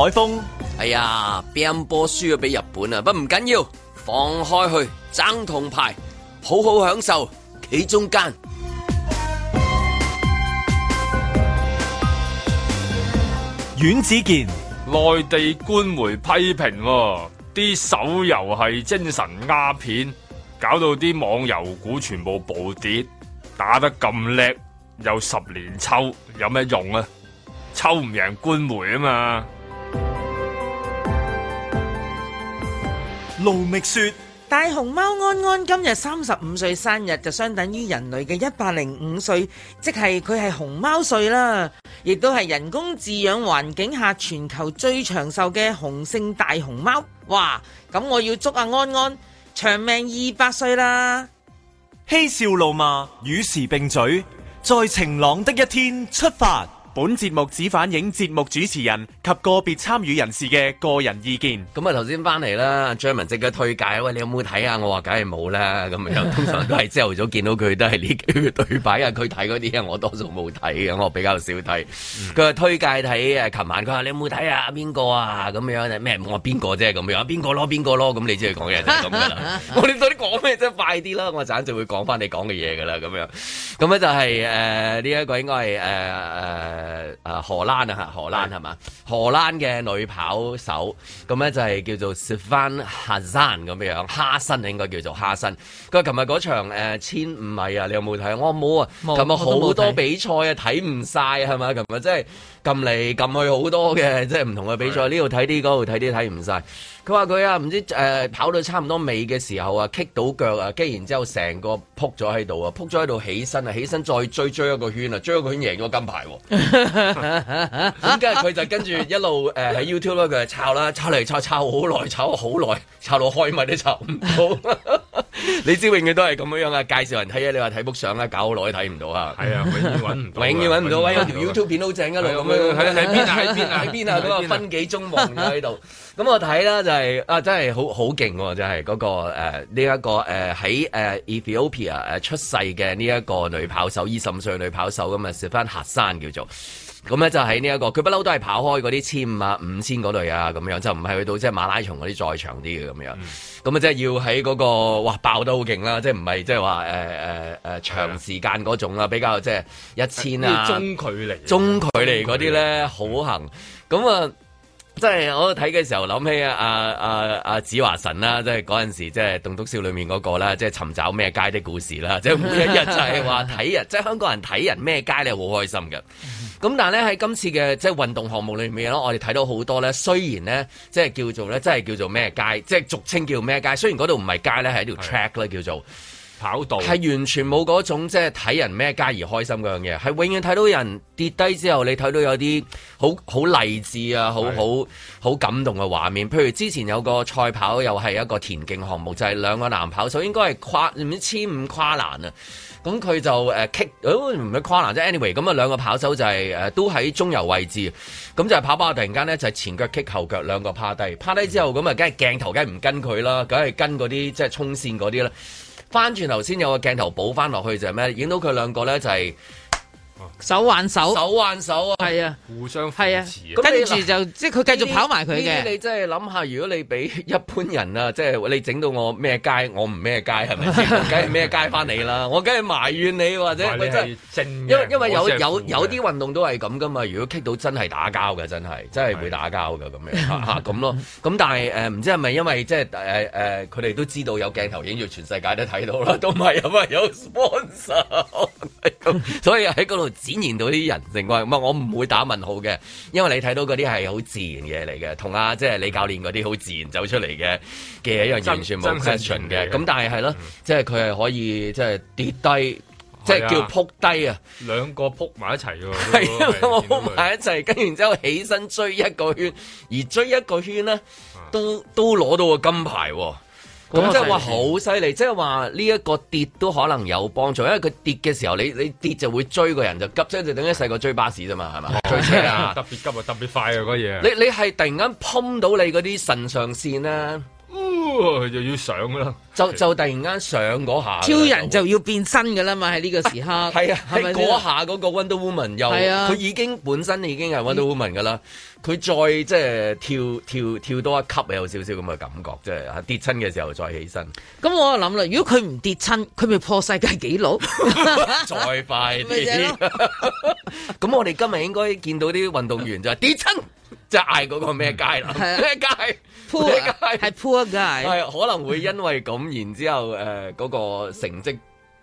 海風哎呀，乒乓波輸咗俾日本啊！不過唔緊要，放開去爭銅牌，好好享受企中間。阮子健，內地官媒批評，啲手遊係精神鴉片，搞到啲網遊股全部暴跌。打得咁叻，有十年抽有咩用啊？抽唔贏官媒啊嘛！盧覓雪，大熊貓安安今日三十五歲生日，就相等於人類嘅一百零五歲，即係佢係熊貓歲啦，亦都係人工飼養環境下全球最長壽嘅雄性大熊貓。哇！咁我要祝阿、啊、安安長命二百歲啦！嬉笑怒罵，與時並嘴，在晴朗的一天出發。本節目只反映節目主持人及個別參與人士嘅個人意見。咁啊，頭先翻嚟啦，張文靜嘅推介，喂，你有冇睇啊？我話梗係冇啦。咁樣通常都係朝頭早見到佢都係呢幾嘅對白啊。佢睇嗰啲嘢，我多數冇睇。咁我比較少睇。佢話推介睇啊，琴晚佢話你有冇睇啊？邊個啊？咁樣咩？我話邊個啫？咁樣啊？邊個咯？邊個咯？咁你知佢講嘢就咁噶啦。我哋到底講咩啫？快啲啦！我陣就會講翻你講嘅嘢噶啦。咁樣咁咧就係誒呢一個應該係誒誒。呃誒誒、呃，荷蘭啊，荷蘭係嘛，荷蘭嘅女跑手，咁咧就係叫做翻，夏生咁樣樣，哈生啊，應該叫做哈生。佢話琴日嗰場誒千五米啊，你有冇睇？我冇啊，琴日有好多比賽啊，睇唔晒，係咪？琴日即係。撳嚟撳去好多嘅，即係唔同嘅比賽，呢度睇啲，嗰度睇啲，睇唔晒。佢話佢啊，唔知誒跑到差唔多尾嘅時候啊，棘到腳啊，跟然之後成個撲咗喺度啊，撲咗喺度起身啊，起身再追追一個圈啊，追一個圈贏咗金牌。咁跟住佢就跟住一路誒喺 YouTube 咧，佢就抄啦，抄嚟抄抄好耐，抄好耐，抄到開咪都抄唔到。呵呵你知永遠都係咁樣樣啊，介紹人睇啊，你話睇幅相啊，搞好耐睇唔到啊，係啊，永遠搵唔，永遠搵唔到，搵有條 YouTube 片好正啊，嚟咁樣，喺邊啊，喺邊啊，喺邊啊，嗰個分幾中望啊喺度，咁我睇啦，就係啊，真係好好勁，就係嗰個誒呢一個誒喺誒 Ethiopia 誒出世嘅呢一個女跑手，二十五歲女跑手，咁啊 Sifan Hassan 叫做。咁咧就喺呢一個，佢不嬲都係跑開嗰啲千五啊、五千嗰類啊，咁樣就唔係去到即係馬拉松嗰啲再長啲嘅咁樣。咁啊、嗯那個，即係要喺嗰個哇爆得好勁啦，即係唔係即係話誒誒誒長時間嗰種啦，是的 比較即係一千啊。中距離。中距離嗰啲咧好行。咁啊，即、就、係、是、我睇嘅時候諗起啊，啊啊阿子華神啦、啊，即係嗰陣時即係、啊《棟篤笑》裏面嗰個啦，即係尋找咩街的故事啦、啊，即、就、係、是、每一日就係話睇人，即係 香港人睇人咩街咧好開心嘅。咁但係咧喺今次嘅即係運動項目裏面咯，我哋睇到好多咧。雖然咧，即係叫做咧，即係叫做咩街，即係俗稱叫咩街。雖然嗰度唔係街咧，係一條 track 咧，叫做是跑道，係完全冇嗰種即係睇人咩街而開心嗰樣嘢，係永遠睇到人跌低之後，你睇到有啲好好勵志啊，好好好感動嘅畫面。譬如之前有個賽跑，又係一個田徑項目，就係、是、兩個男跑手應該係跨唔知千五跨欄啊。咁佢就誒 kick，哦唔係跨欄啫，anyway，咁啊兩個跑手就係、是、誒都喺中游位置，咁就係跑跑下突然間咧就係、是、前腳 kick 後腳兩個趴低，趴低之後咁啊，梗係鏡頭梗係唔跟佢啦，梗係跟嗰啲即係衝線嗰啲啦。翻轉頭先有個鏡頭補翻落去就係咩？影到佢兩個咧就係、是。手挽手，手挽手啊！係啊，互相扶持啊！跟住就即係佢繼續跑埋佢嘅。呢啲你真係諗下，如果你俾一般人啊，即、就、係、是、你整到我咩街，我唔咩街係咪梗係咩街翻你啦！ 我梗係埋怨你或者真係正因，因為因為有有有啲運動都係咁噶嘛。如果激到真係打交嘅，真係真係會打交嘅咁樣咁咯。咁的但係唔、呃、知係咪因為即係佢哋都知道有鏡頭影住全世界都睇到啦，都唔係唔係有 sponsor， 所以喺度。展現到啲人成個，唔，我唔會打問號嘅，因為你睇到嗰啲係好自然嘢嚟嘅，同阿、啊、即係李教練嗰啲好自然走出嚟嘅嘅一樣完全冇 question 嘅，咁、嗯、但係係咯，即係佢係可以即係跌低，嗯、即係叫扑低啊，兩個扑埋一齊喎，係啊，我扑埋一齊，跟完之後起身追一個圈，而追一個圈咧，都都攞到個金牌，哦。咁即係話好犀利，即係話呢一個跌都可能有幫助，因為佢跌嘅時候，你你跌就會追個人就急，即就等於細個追巴士啫嘛，係嘛？哦、追車啊！ 特別急啊，特別快啊，嗰嘢。你你係突然間碰到你嗰啲腎上腺啊！嗯哦，佢就要上啦！就就突然間上嗰下，超人就要變身噶啦嘛！喺呢個時刻，係啊，喺嗰、啊啊啊、下嗰個 Wonder Woman 又佢、啊、已經本身已經係 Wonder Woman 噶啦，佢咦再即係跳跳跳多一級有少少咁嘅感覺，即係跌親嘅時候再起身。咁我就諗啦，如果佢唔跌親，佢咪破世界紀錄？ 再快啲點！咁、啊、 我哋今日應該見到啲運動員就係跌親。即係嗌嗰個咩街啦、 啊，咩街、啊，咩街係 Poor 街，係可能會因為咁， 然之後誒嗰、呃那個成績。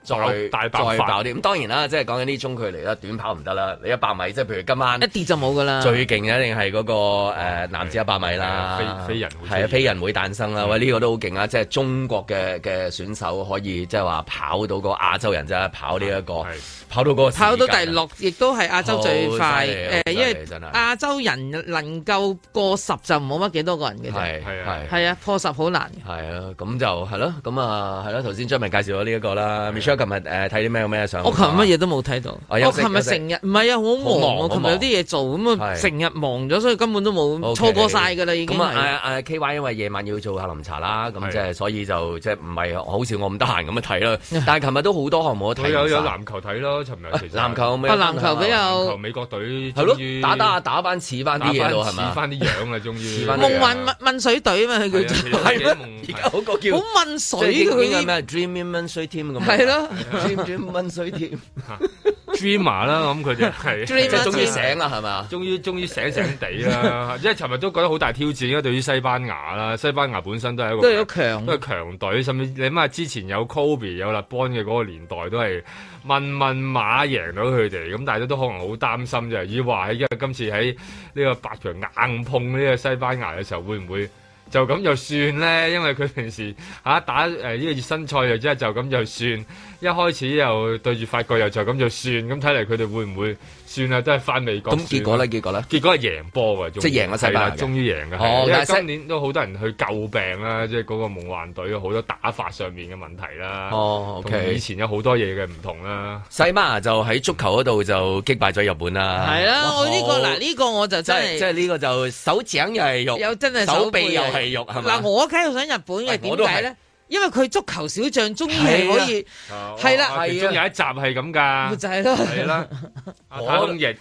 再大爆啲，咁當然啦，即係講緊啲中距離啦，短跑唔得啦，你一百米即係譬如今晚一跌就冇噶啦。最勁嘅一定係嗰個男子一百米啦，飛人係啊，飛人會誕生啦，喂，呢個都好勁啊，即係中國嘅嘅選手可以即係話跑到個亞洲人咋，跑呢一個跑到個跑到第六，亦都係亞洲最快誒，因為亞洲人能夠過十就冇乜幾多個人嘅，係係係啊，破十好難係啊，咁就係咯，咁啊係咯，頭先張明介紹咗呢一個啦。琴日誒睇啲咩咩？我琴日乜嘢都冇睇到。我琴日成日唔係啊，好忙啊，琴日有啲嘢做，咁啊成日忙咗，所以根本都冇錯過晒㗎啦，已經。咁啊 KY，因為夜晚要做下午茶啦，咁即係所以就即係唔係好似我咁得閒咁啊睇啦。但係琴日都好多項目睇。有有籃球睇咯，琴日其實。籃球咩？籃球比較美國隊。係咯。打打打翻似翻啲。打翻似翻啲樣啊！終於。似翻夢幻問水隊啊嘛，佢好問水佢。咩 Dreaming Team 咁。係咯。算唔算溫水貼 drama 啦，咁佢就係，即係終於醒啦，係嘛？ 終於終於醒醒地啦， 因為尋日都覺得好大挑戰。因為對於西班牙啦，西班牙本身都係一個強，都係強隊，甚至你諗下之前有 Kobe 有立邦嘅嗰個年代，都係問問馬贏到佢哋。咁大家都可能好擔心啫，以話喺今今次喺呢個八強硬碰呢個西班牙嘅時候，會唔會？就咁就算呢，因為佢平時嚇、啊、打誒呢個熱身賽又即係就咁就算，一開始又對住法國又就咁就算，咁睇嚟佢哋會唔會？算啦，真係翻美國。咁結果咧？結果咧？結果係贏波㗎，即係贏咗西班牙。終於贏嘅。哦，因為今年都好多人去詬病啦，即係嗰個夢幻隊好多打法上面嘅問題啦。哦，以前有好多嘢嘅唔同啦。西班牙就喺足球嗰度就擊敗咗日本啦。係啦，我呢個嗱，呢個我就真係即係呢個就手掌又係肉，又真係手臂又係肉係嘛？嗱，我喺度想日本嘅點解咧？因為佢足球小將中係可以係啦，其中有一集係咁噶就係咯，係啦、啊，廣益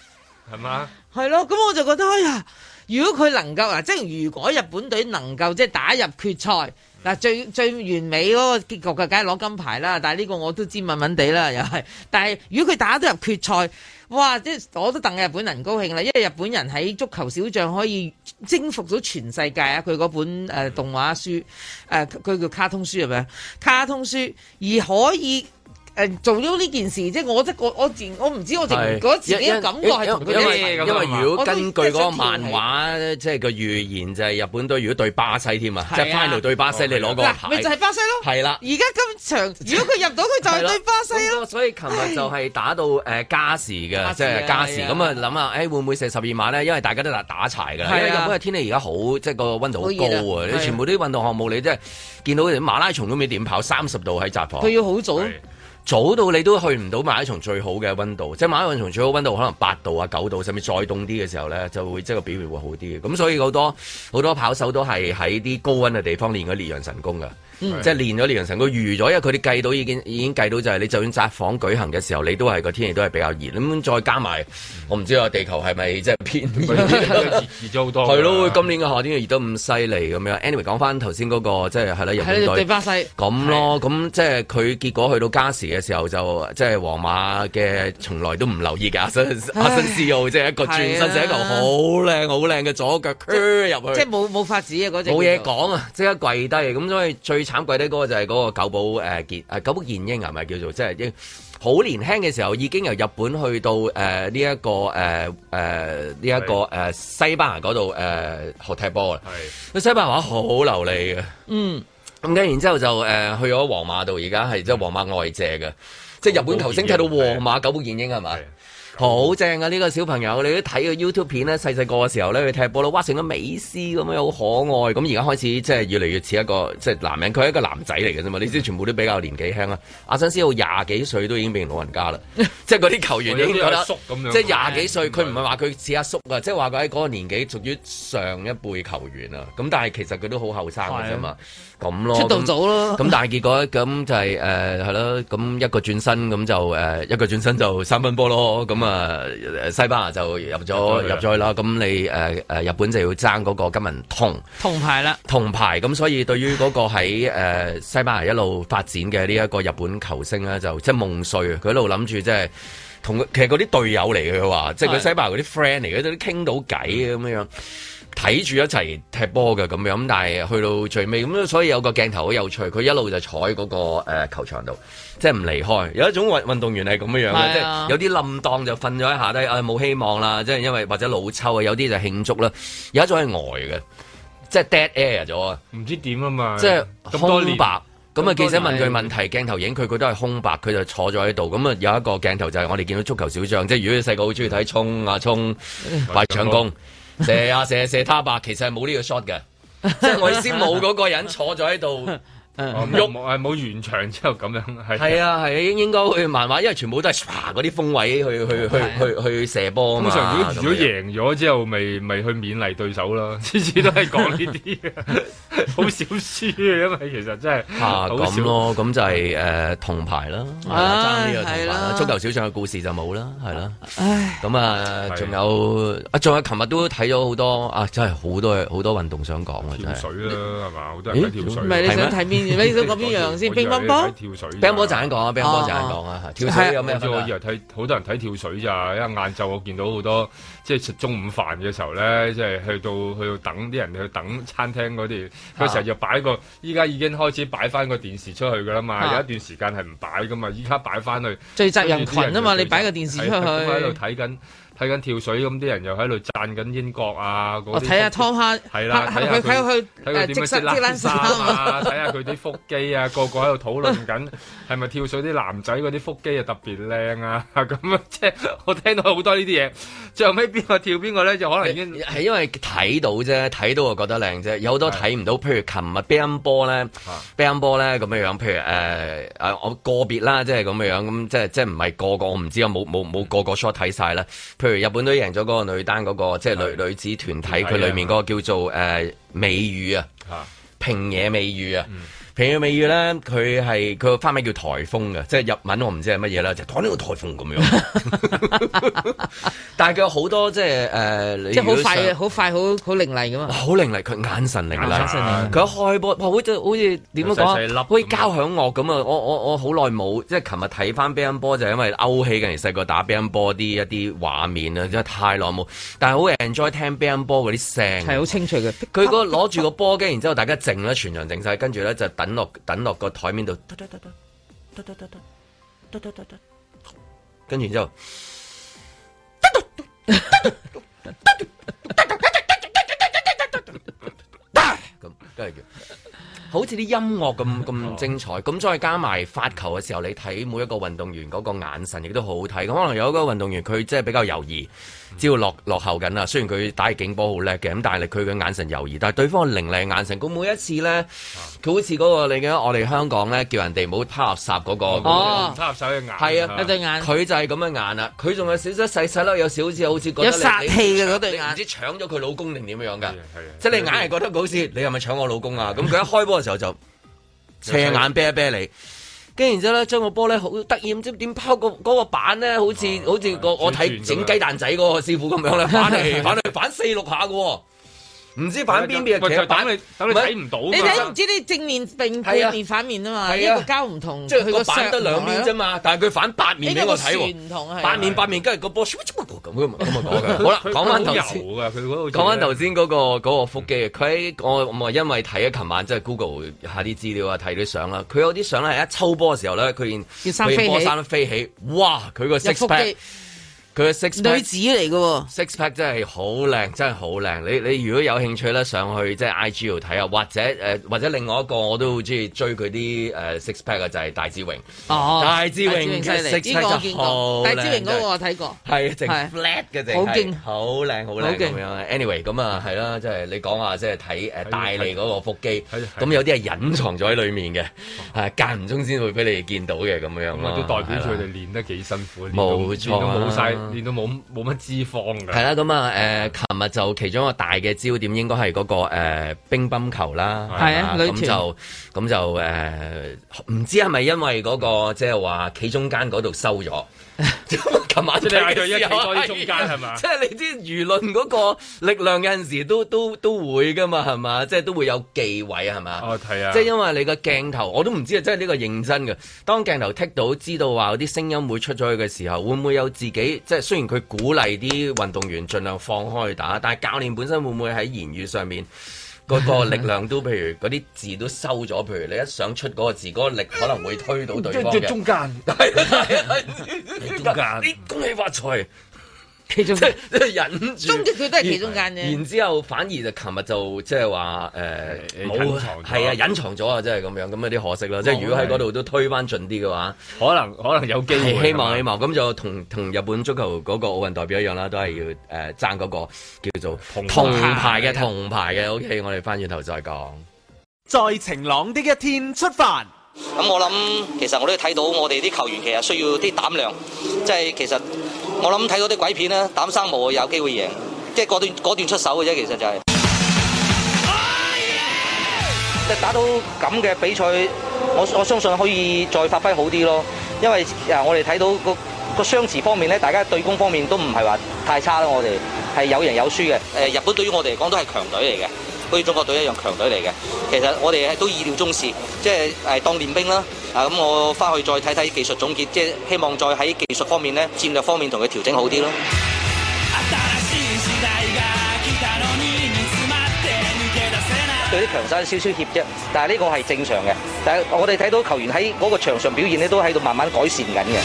係嘛，係咯、哦，咁、啊啊啊啊啊我，啊我，啊、我就覺得哎呀，如果佢能夠嗱，即係如果日本隊能夠即係打入決賽嗱，嗯、最最完美嗰個結局嘅，梗係攞金牌啦。但係呢個我都知，問問地啦，又係。但係如果佢打得入決賽。哇！即我都戥日本人高興啦，因為日本人喺足球小將可以征服到全世界啊！佢嗰本誒、呃、動畫書誒，佢、呃、叫卡通書，係咪？卡通書？而可以。誒做咗呢件事啫，我即係我我自我唔知，我淨覺得自己感覺係同佢哋一樣因為因為如果根據嗰個漫畫，即係個預言就係日本隊如果對巴西添啊，即係 final 對巴西你攞個牌，咪就係巴西咯。係啦，而家今場如果佢入到，佢就係對巴西咯。所以琴日就係打到誒加時嘅，即係加時咁啊諗下，誒會唔會射十二碼咧？因為大家都打柴嘅，因為日本嘅天氣而家好，即係個温度好高啊！你全部啲運動項目你即係見到馬拉松都未點跑三十度喺札幌，佢要好早。早到你都去唔到馬拉松最好嘅溫度，即係馬拉松最好溫度可能八度啊、九度，甚至再凍啲嘅時候呢，就會即係個表現會好啲嘅。咁所以好多好多跑手都係喺啲高溫嘅地方練咗烈陽神功嘅。即係練咗練成，個預咗，因為佢哋計到已經已經計到就係，你就算扎訪舉行嘅時候，你都係個天氣都係比較熱，咁再加埋，我唔知個地球係咪即係偏熱咗好多？係咯，今年嘅夏天熱得咁犀利咁樣。Anyway，講翻頭先嗰個，即係係啦，日本對巴西咁咯，咁即係佢結果去到加時嘅時候就，即係皇馬嘅從來都唔留意阿阿申斯奧，即係一個轉身射球，好靚好靚嘅左腳 curve 入去，即係冇冇法子啊嗰隻，冇嘢講啊，即刻跪低咁，所以最。慘鬼啲個就係嗰個九寶誒健誒九寶健英係咪叫做，即係好年輕嘅時候已經由日本去到誒呢一個誒誒呢一個誒是的 西班牙嗰度誒學踢波啦，是的 西班牙話好流利嘅，是的 嗯咁跟然之後就誒、呃、去咗皇馬度，而家係即係皇馬外借嘅，即係日本球星踢到皇馬九寶健英係咪？好正啊！呢、這個小朋友，你都睇個 YouTube 片咧，細細個嘅時候咧，佢踢波咯，哇，成個美斯咁樣，好可愛。咁而家開始即係越嚟越似一個即係男人。佢係一個男仔嚟嘅啫嘛，你知道全部都比較年紀輕 啊。阿新西奧廿幾歲都已經變成老人家啦， 即係嗰啲球員已經覺得，叔 即係廿幾歲，佢唔係話佢似阿叔啊， 即係話佢喺嗰個年紀屬於上一輩球員啊。咁 但係其實佢都好後生嘅啫嘛，咁 咯出道早咯。咁但係結果咁就係誒係咯，咁、呃、一個轉身咁就誒、呃、一個轉身、呃、身就三分波咯，咁咁西班牙就入咗入咗去啦。咁你誒誒、呃，日本就要爭嗰個金文銅銅牌啦，銅牌。咁所以對於嗰個喺誒、呃、西班牙一路發展嘅呢一個日本球星咧，就即係夢碎。佢一路諗住即係同其實嗰啲隊友嚟嘅，佢話的即係佢西班牙嗰啲 friend 嚟嘅，都傾到偈嘅咁樣。睇住一齊踢波嘅咁樣，但係去到最尾咁，所以有個鏡頭好有趣，佢一路就坐喺嗰、那個誒、呃、球場度，即係唔離開。有一種運運動員係咁樣嘅、啊哎，即係有啲冧檔就瞓咗喺下，低，冇希望啦，即係因為或者老抽啊，有啲就慶祝啦。有一種係呆嘅，即係 dead air 咗，唔知點啊嘛。即係空白。咁啊，記者問佢問題，鏡頭影佢，佢都係空白，佢就坐咗喺度。咁啊，有一個鏡頭就係我哋見到足球小將，即係如果細個好中意睇衝啊衝，快搶功。 射啊射射、啊、他吧，其實係冇呢個 shot 嘅，即係 我先冇嗰個人坐咗喺度。嗯，喐係冇完場之後咁樣，係。係啊，係應該會漫畫，因為全部都係唰嗰啲風位去去去去去射波。通常如果贏咗之後，咪咪去勉勵對手啦。次次都係講呢啲，好少輸嘅，因為其實真係嚇咁咯。咁就係誒銅牌啦，爭呢個銅牌啦。足球小將嘅故事就冇啦，係啦。咁啊，仲有啊，仲有琴日都睇咗好多啊，真係好多好多運動想講啊，真係。跳水啦，係嘛？好多人都跳水。唔係你想睇邊？ 你想講邊樣先？乒乓波、跳水、乒乓波就啱講啊！乒乓波就啱講啊！跳水有咩？我以為睇好、啊、多人睇跳水咋，因為晏晝我見到好多，即係食中午飯嘅時候咧，即係去到去到等啲人去等餐廳嗰啲，嗰時候就擺個依家已經開始擺翻個電視出去噶啦嘛，有一段時間係唔擺噶嘛，依家擺翻去。最責任群啊嘛，你擺個電視出去。喺度睇緊。睇緊跳水咁啲人又喺度讚緊英國啊！度睇下湯 o 啦，睇佢睇佢睇下佢啲腹肌啊，個個喺度討論緊，係咪跳水啲男仔嗰啲腹肌啊特別靚啊？咁即係我聽到好多呢啲嘢，最後屘邊個跳邊個咧，就可能已經係因為睇到啫，睇到就覺得靚啫，有好多睇唔到譬，譬如琴日 b e 波咧 b e 波咧咁樣樣，譬如我個別啦，即係咁樣樣，咁即係即係唔係個個我唔知啊，冇冇冇個個 short 睇晒咧。譬如日本都贏咗嗰個女單嗰、那個即係、就是、女女子團體，佢裏面嗰個叫做誒、呃、美宇啊，平野美宇啊。嗯嗯平日美語咧，佢係佢個花名叫台風嘅，即係日文我唔知係乜嘢啦，就講呢個台風咁樣。 但係佢好多、呃、即係誒，即係好快、好快、好好凌厲咁嘛好、啊、凌厲，佢眼神凌厲，佢、啊、開波，好似好似點樣講好似交響樂咁啊樣！我我我好耐冇，即係琴日睇翻乒乓波就係、是、因為勾起嘅人細個打乒乓波啲一啲畫面啦，真係太耐冇。但係好 enjoy 聽乒乓波嗰啲聲，係好清脆嘅。佢個攞住個波機，然之後大家靜啦，全場靜晒，跟住咧就等落，等落個台面度，跟住之後，咁真係好似啲音樂咁咁精彩。咁再加埋發球嘅時候，你睇每一個運動員嗰個眼神，亦都好好睇。咁可能有一個運動員，佢即係比較猶豫。只要落落後緊啦，雖然佢帶警波好叻嘅，咁但係佢嘅眼神猶豫。但係對方嘅凌厲眼神，佢每一次咧，佢、啊、好似嗰、那個你嘅，我哋香港咧叫人哋唔好拋垃圾嗰個，哦、那個，拋垃圾嘅眼，係、哦、啊，一對眼，眼，佢就係咁樣眼啦，佢仲有少少細細粒，有少少好似覺得有殺氣嘅嗰對眼你，唔知搶咗佢老公定點樣㗎？即係你硬係覺得好似你係咪搶我老公啊？咁佢是的 一開波嘅時候就 斜眼啤一啤你。跟住之後咧，將個波咧好得意唔知點拋個嗰板咧，好似、啊、好似個我睇整雞蛋仔嗰個師傅咁樣啦，啊、反嚟、啊、反嚟、啊、反四六下喎、哦。唔知反邊邊啊？其實等你等你睇唔到。你睇唔知你正面並面反面啊嘛？一個膠唔同，即係佢個得兩面啫嘛。但係佢反八面俾我睇喎。八面八面，跟住個波咁樣咁啊講㗎。好啦，講翻頭先，講翻頭先嗰個腹肌佢喺，我我因為睇啊，琴晚即係 Google 下啲資料啊，睇啲相啦。佢有啲相咧係一抽波嘅時候咧，佢然飛波山都飛起，哇！佢個 s i 佢嘅 sixpack 女子嚟嘅喎，sixpack 真係好靚，真係好靚。你你如果有興趣咧，上去即係 IG 度睇啊，或者或者另外一個我都好中意追佢啲 sixpack 嘅就係戴志榮。哦，戴志榮嘅 sixpack 好，戴志榮嗰個我睇過。係淨 flat 嘅淨。好勁，好靚，好靚咁樣。Anyway 咁啊，係啦，即係你講下即係睇誒大脷嗰個腹肌，咁有啲係隱藏咗喺裏面嘅，係間唔中先會俾你哋見到嘅咁樣咁都代表住佢哋練得幾辛苦，練到練到冇曬。練到冇冇乜脂肪㗎。係啦，咁啊，誒、呃，琴日就其中一個大嘅焦點應該係嗰、嗰個、呃、乒乓球啦。係啊，咁就咁就誒，唔、呃、知係咪因為嗰、嗰個即係話企中間嗰度收咗。琴晚 即係喺一啲多啲中間係嘛，即係你知輿論嗰個力量有陣時都都都會噶嘛，係嘛，即係都會有忌諱係嘛。哦，係啊，即係因為你個鏡頭，我都唔知啊，即係呢個認真嘅。當鏡頭剔到知道話有啲聲音會出咗去嘅時候，會唔會有自己？即係雖然佢鼓勵啲運動員盡量放開打，但係教練本身會唔會喺言語上面？個個力量都，譬如嗰啲字都收咗，譬如你一想出嗰個字，嗰個力可能會推到對方嘅。即係中間，係中間。 中間 恭喜發財！即係隱，中結佢都係其中間嘅。是其中間，然之後反而就琴日就即係話誒，冇啊，啊隱藏咗啊，即係咁樣咁有啲可惜啦。即係、哦啊、如果喺嗰度都推翻盡啲嘅話，可能可能有機會。希望希望咁就同同日本足球嗰個奧運代表一樣啦，都係要誒、呃、爭嗰、那個叫做銅牌嘅銅牌嘅、啊。OK，我哋翻轉頭再講。在晴朗的一天出發。咁、嗯、我諗其實我都睇到我哋啲球員其實需要啲膽量，即、就、係、是、其實。我諗睇到啲鬼片咧，膽生毛啊，有機會贏，即係果段果段出手嘅啫，其實就係、是。即係打到咁嘅比賽，我我相信可以再發揮好啲咯。因為啊、呃，我哋睇到個個相持方面咧，大家對攻方面都唔係話太差啦。我哋係有贏有輸嘅。誒、呃，日本對於我哋嚟講都係強隊嚟嘅，好似中國隊一樣強隊嚟嘅。其實我哋都意料中事，即係誒當練兵啦。啊咁，我翻去再睇睇技術總結，即係希望再喺技術方面咧、戰略方面同佢調整好啲咯。にに 對啲強手少少怯啫，但係呢個係正常嘅。但係我哋睇到球員喺嗰個場上表現咧，都喺度慢慢改善緊嘅。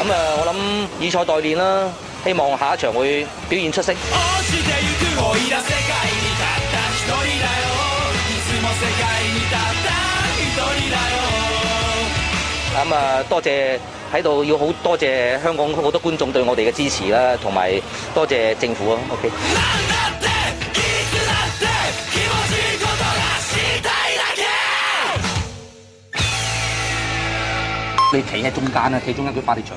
咁啊、oh，我諗以賽代練啦，希望下一場會表現出色。Oh, 咁啊、嗯，多謝喺度要好多謝香港好多觀眾對我哋嘅支持啦，同埋多謝政府啊。OK。你企喺中間啊，企中間佢發電場。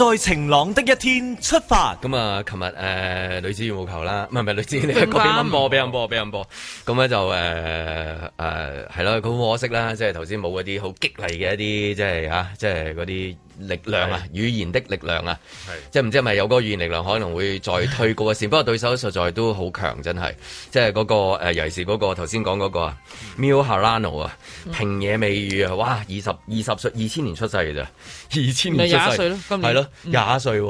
在晴朗的一天出發。咁啊、嗯，琴日誒女子羽毛球啦，唔係唔係女子，嗰邊乒乓波，乒乓、嗯、波，乒乓波。咁、嗯、咧、嗯、就誒誒係咯，好、呃呃、可惜啦，即係頭先冇嗰啲好激勵嘅一啲，即係嚇、啊，即係嗰啲力量啊，的語言的力量啊。是的即係唔知係咪有嗰個語言力量可能會再推過一線，的不過對手實在都好強，真係。即係嗰、那個、呃、尤其是嗰個頭先講嗰個啊，Miu Hirano 啊，嗯嗯、平野美宇啊，哇，二十二十歲，二千年出世嘅咋，二千年，二千年廿歲咯，今年係咯。廿歲，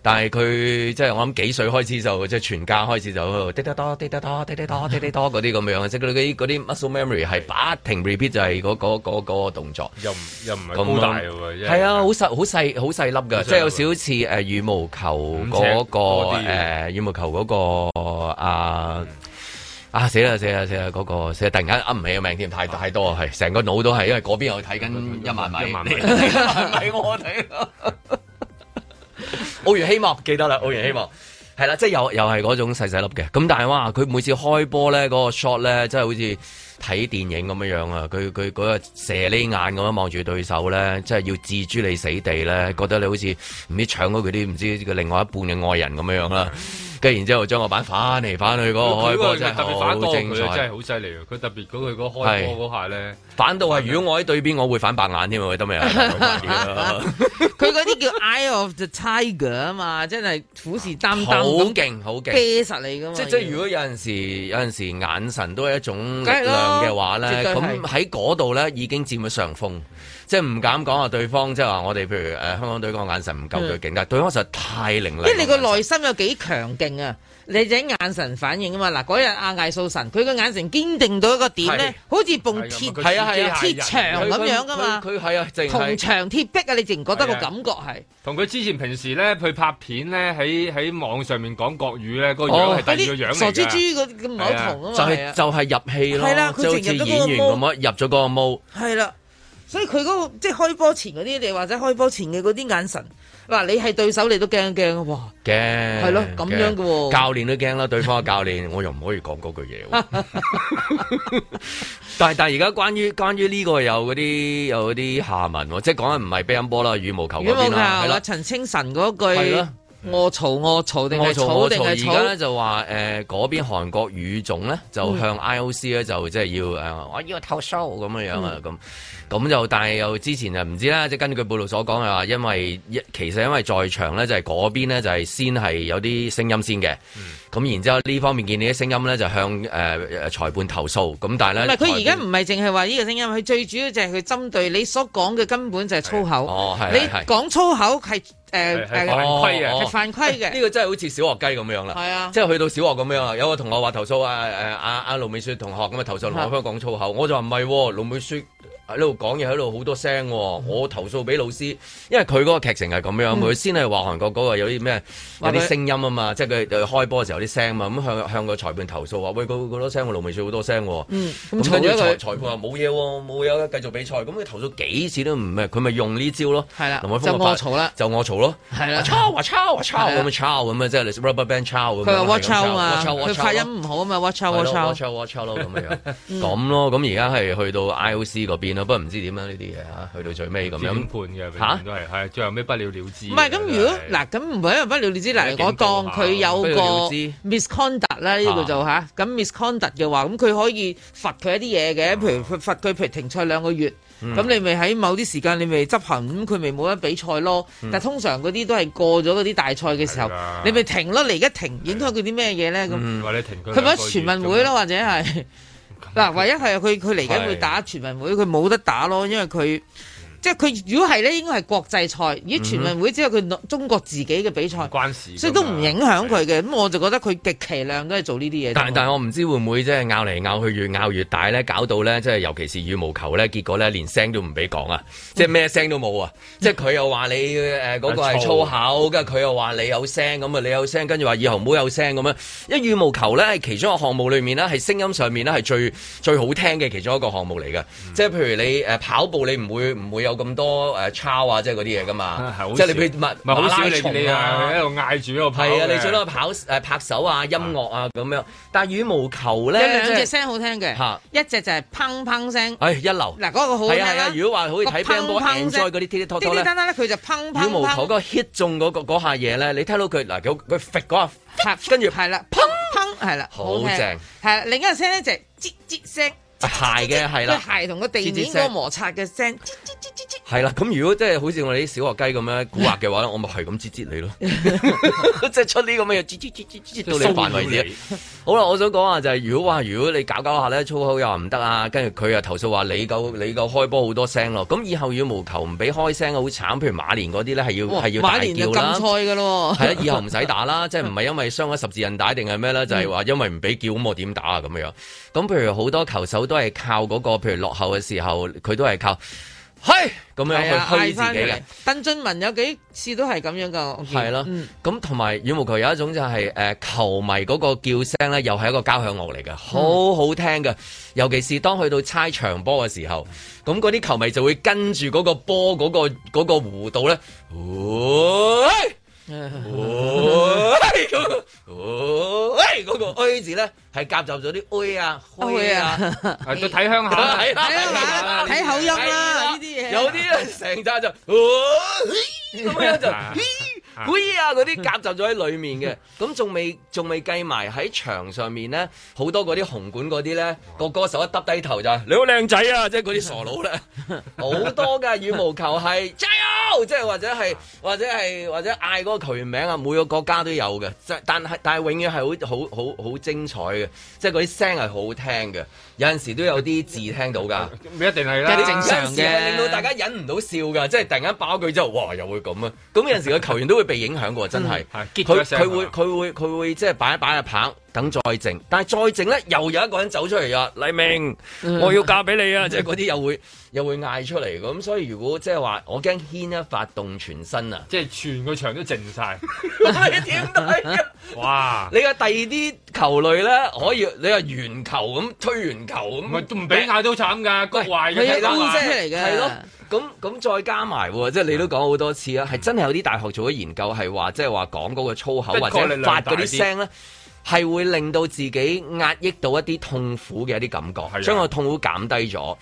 但係佢即係我諗幾歲開始就即係全家開始就滴滴多滴滴多滴滴多滴滴多嗰啲咁樣，即係嗰啲嗰啲 muscle memory 係不停 repeat 就係嗰嗰嗰嗰個動作。又唔又唔係咁大嘅，係啊，好細好細好細粒嘅，即係有少少似誒羽毛球嗰個誒羽毛球嗰個啊啊死啦死啦死啦嗰個死！突然間壓唔起個名添，太多太多，係成個腦都係，因為嗰邊又睇緊一萬米，一萬米，係咪我睇？奧原 希望記得啦，奧原希望係啦，即係又又係嗰種細細粒嘅，咁但係哇，佢每次開波咧，嗰個 shot 咧，真係好似睇電影咁樣樣啊！佢佢嗰個蛇喱眼咁樣望住對手咧，真係要置諸你死地咧，覺得你好似唔知搶咗佢啲唔知佢另外一半嘅愛人咁樣樣啦。 跟住然之後將個板反嚟反去嗰個開波真係好精彩，真係好犀利，佢特別嗰佢嗰開波嗰下咧，反倒係如果我喺對邊，我會反白眼添，我覺得未有佢嗰啲叫 Eye of the Tiger 啊嘛，真係虎視眈眈，好勁好勁，鋸實嚟噶嘛！即即如果有陣時有陣時眼神都係一種力量嘅話咧，咁喺嗰度咧已經佔咗上風。即係唔敢講話，對方即係話我哋，譬如誒，香港隊個眼神唔夠對勁，但係對方實在太凌厲。因為你個內心有幾強勁啊？你睇眼神反應啊嘛！嗱、啊，嗰日阿魏素臣，佢個眼神堅定到一個點咧，是好似蹦鐵係啊，係鐵牆咁樣噶嘛。佢係啊，銅牆鐵壁啊！你淨係覺得個、啊、感覺係同佢之前平時咧佢拍片咧，喺喺網上面講國語咧，那個樣係第二個樣嚟、哦、傻豬豬個唔好同啊嘛，就係、是、就係、是、入戲咯，啊、就好似演員咁樣入咗嗰個模。係啦、啊。所以佢嗰、嗰個即係開波前嗰啲，你或者開波前嘅嗰啲眼神，嗱，你係對手，你都驚驚，哇怕，驚係咯，咁樣嘅喎怕。教練都驚啦， 對方嘅教練，我又唔可以講嗰句嘢 但係但係而家關於關於呢個有嗰啲有嗰啲下文喎，即係講緊唔係乒乓波啦，羽毛球嗰邊啦，陳了清晨嗰句。惡嘈，惡嘈，定係嘈，定係嘈，而家吵就話誒嗰邊韓國語種咧就向 I O C 咧就即係要誒，嗯、我要投訴咁樣、嗯、樣啊，咁，咁就但係又之前就唔知啦，即根據報道所講嘅話，因為其實因為在場咧就係嗰邊咧就係、是、先係有啲聲音先嘅，咁、嗯、然之後呢方面見你啲聲音咧就向誒誒、呃、裁判投訴，咁但係咧唔係佢而家唔係淨係話呢個聲音，佢最主要就係佢針對你所講嘅根本就係粗口，哦、你講粗口係。誒係、呃、犯規嘅，係、哦哦、犯規嘅。呢、欸呢個真係好似小學雞咁樣啦。係啊，即係去到小學咁樣，有個同學話投訴啊誒阿阿盧美雪同學咁啊投訴老師講粗口，我就話唔係喎，盧美雪。的喺度講嘢喺度好多聲，我投訴俾老師，因為佢嗰個劇情係咁樣，佢先係話韓國嗰個有啲咩有啲聲音啊嘛，即係佢開波嘅時候有啲聲嘛，咁向向個裁判投訴話喂，個好多聲，我龍尾少好多聲。喎。」咁跟住裁判話冇嘢喎，冇嘢，繼續比賽。咁佢投訴幾次都唔，佢咪用呢招咯。係啦，林海峰就我嘈啦，就我嘈咯。係啦，抄啊抄啊咁樣抄咁啊，即係 rubber band 佢啊嘛，發音唔好啊嘛，咁樣，咁咯，咁而家係去到 IOC 嗰邊不過唔知點樣？呢啲嘢，吓去到最尾咁判嘅，都係係最後咩不了了之。唔係咁如果，嗱咁唔係，不了了之嗱，我當佢有個 misconduct s 呢個，就吓咁 misconduct 嘅話，咁佢可以罰佢一啲嘢嘅，譬如罰佢譬如停賽兩個月，咁你咪喺某啲時間你咪執行，咁佢咪冇得比賽咯。但係通常嗰啲都係過咗嗰啲大賽嘅時候，你咪停咯，你而家停，影響佢啲咩嘢咧咁。或者停佢。佢咪全運會咯，或者係。嗱，唯一係佢佢嚟緊會打全民會，佢冇是的 得打咯，因為佢。即係佢如果係咧，應該係國際賽。而家，全運會只有佢中國自己嘅比賽，關事，所以都唔影響佢嘅。咁是的 我就覺得佢極其量都係做呢啲嘢。但但係我唔知會唔會即係拗嚟拗去越拗越大咧，搞到咧即係尤其是羽毛球咧，結果咧連聲都唔俾講啊！嗯、即係咩聲都冇啊！嗯、即係佢又話你誒嗰個係粗口㗎，佢 又話你有聲咁啊，你有聲，跟住話以後唔好有聲咁樣。因為羽毛球咧其中一個項目裏面啦，係聲音上面啦係最最好聽嘅其中一個項目嚟嘅。嗯、即係譬如你誒跑步你，你唔會唔會有。有咁多誒抄啊，即係嗰啲嘢噶嘛，即係你譬如咪咪好少你啲啊，喺度嗌住喺度。係啊，你最多去跑誒拍手啊，音樂啊咁樣。但係羽毛球咧，有兩隻聲好聽嘅，一隻就係砰砰聲，一流。嗱嗰個好係啊！如果話好似睇乒乓球賽嗰啲滴滴拖拖咧，滴滴單單咧，佢就砰砰。羽毛球嗰個 hit 中嗰個嗰下嘢咧，你睇到佢嗱佢佢搣嗰下拍，跟住係啦砰砰係啦，好正。係另一個聲咧就吱吱聲。鞋嘅係啦，鞋同個地面嗰個摩擦嘅哧聲係，係啦。咁如果即係好似我哋啲小學雞咁樣蠱惑嘅話，我咪係咁摺摺你咯，即 係出呢咁嘅嘢，摺摺摺摺摺到你範圍啲。好啦，我想講話就係如果話，如果你搞搞下咧，粗口又話唔得啊，跟住佢又投訴話你夠你夠開波好多聲咯。咁以後羽毛球唔俾開聲好慘，譬如馬年嗰啲咧係要係、哦、要大叫啦。係啊，以後唔使打啦，即係唔係因為傷咗十字韌帶定係咩咧？就係話因為唔俾叫，咁我點打啊？咁樣咁，譬如好多球手，都係靠嗰、嗰個，譬如落後嘅時候，佢都係靠，係咁樣去推自己嘅。鄧俊文有幾次都係咁樣噶，係咯，咁同埋羽毛球有一種就係、是、誒、呃、球迷嗰個叫聲咧，又係一個交響樂嚟嘅，好好聽嘅。嗯、尤其是當去到猜長波嘅時候，咁嗰啲球迷就會跟住嗰個波嗰、嗰個、嗰個弧度咧， 哦，咁、𠮶 個，哦，𠮶 個 A、𠮶 個、字咧係夾雜咗啲 A 啊、開啊，係都睇鄉下，睇口音啦，呢啲嘢，有啲咧成扎就哦，咁樣就。 哎嗰啲夾雜咗喺裏面嘅，咁仲未仲未計埋喺場上面咧，好多嗰啲紅館嗰啲咧，個歌手一耷低頭就是，你好靚仔啊，即係嗰啲傻佬咧，好多嘅羽毛球係加油，即係或者係或者係或者嗌嗰個球員名啊，每個國家都有嘅，但係但係永遠係好好好好精彩嘅，即係嗰啲聲係好好聽嘅，有陣時都有啲字聽到㗎，一定係啦，正常嘅，令到大家忍唔到笑㗎，即係突然間爆句之後，哇，又會咁啊，咁有陣時個球員都會被影響過真係，佢佢是會佢吧會佢會，會即係擺一擺下棒，等再靜。但係再靜咧，又有一個人走出嚟又黎明，我要嫁俾你啊！即係嗰啲又會又會嗌出嚟嘅。咁所以如果即係話，我驚牽一發動全身啊，即係全個場都靜晒。唔係點都係嘅。哇！你嘅第二啲球類咧，可以你話圓球咁推圓球咁，唔俾嗌都慘㗎，割壞咗你都係。係喂咯。咁咁再加埋，即係你都講好多次啦，係真係有啲大學做咗研究，係話即係話講嗰個粗口或者發嗰啲聲咧，係會令到自己壓抑到一啲痛苦嘅一啲感覺，將的個痛苦減低咗。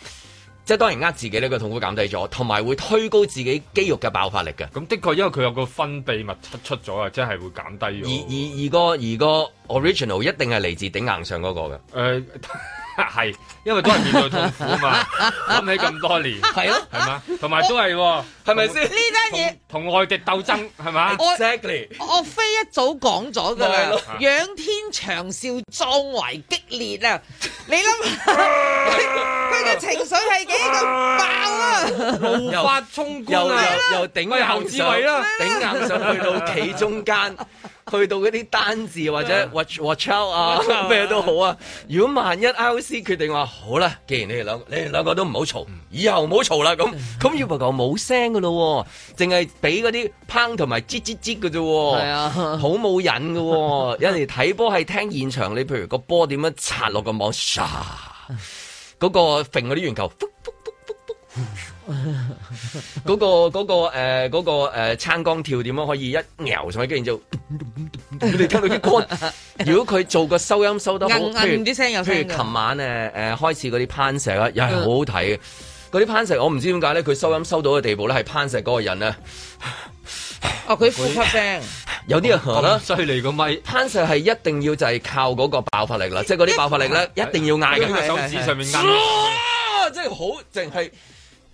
即係當然呃自己呢個痛苦減低咗，同埋會推高自己肌肉嘅爆發力嘅。咁的確，的確因為佢有個分泌物出出咗啊，即係會減低而。而而而個而個 original 一定係嚟自頂硬上嗰個嘅。誒、呃。 係，因為都係面對痛苦嘛，諗起咁多年，係咯，係嘛，同埋都係，係咪先呢單嘢？同外敵鬥爭係嘛？Exactly，岳飛一早講咗噶啦，仰天長嘯，壯懷激烈啊！你諗，佢嘅情緒係幾咁爆啊？怒髮衝冠啦！又又頂啊！侯志偉啦，頂硬上去到企中間。去到嗰啲單字或者 watch watch out 啊咩 out、啊、都好啊！如果萬一 IOC 決定話好啦，既然你哋兩個你哋兩個都唔好嘈，以後唔好嘈啦咁，咁羽毛球冇聲喇咯，淨係俾嗰啲砰同埋吱吱吱嘅啫，係啊，好冇癮嘅，有人哋睇波係聽現場，你譬如個波點樣擦落個網，嗰個揈嗰啲圓球。 嗰、 嗰個嗰、嗰個誒嗰、呃嗰個誒撐杆跳點樣可以一牛上去，跟住就噗噗噗噗噗噗噗你聽到啲歌。 如果佢做個收音收得好，譬如譬如琴晚誒誒、嗯呃、開始嗰啲攀石啦，又係好好睇嘅。嗰啲攀石我唔知點解咧，佢收音收到嘅地步咧，係攀石嗰個人咧。哦，佢呼吸聲我有啲人，係啦，犀利個咪。攀石係一定要就係靠嗰個爆發力啦，即係嗰啲爆發力咧，這一定要嗌嘅。手指上面，即係好淨係。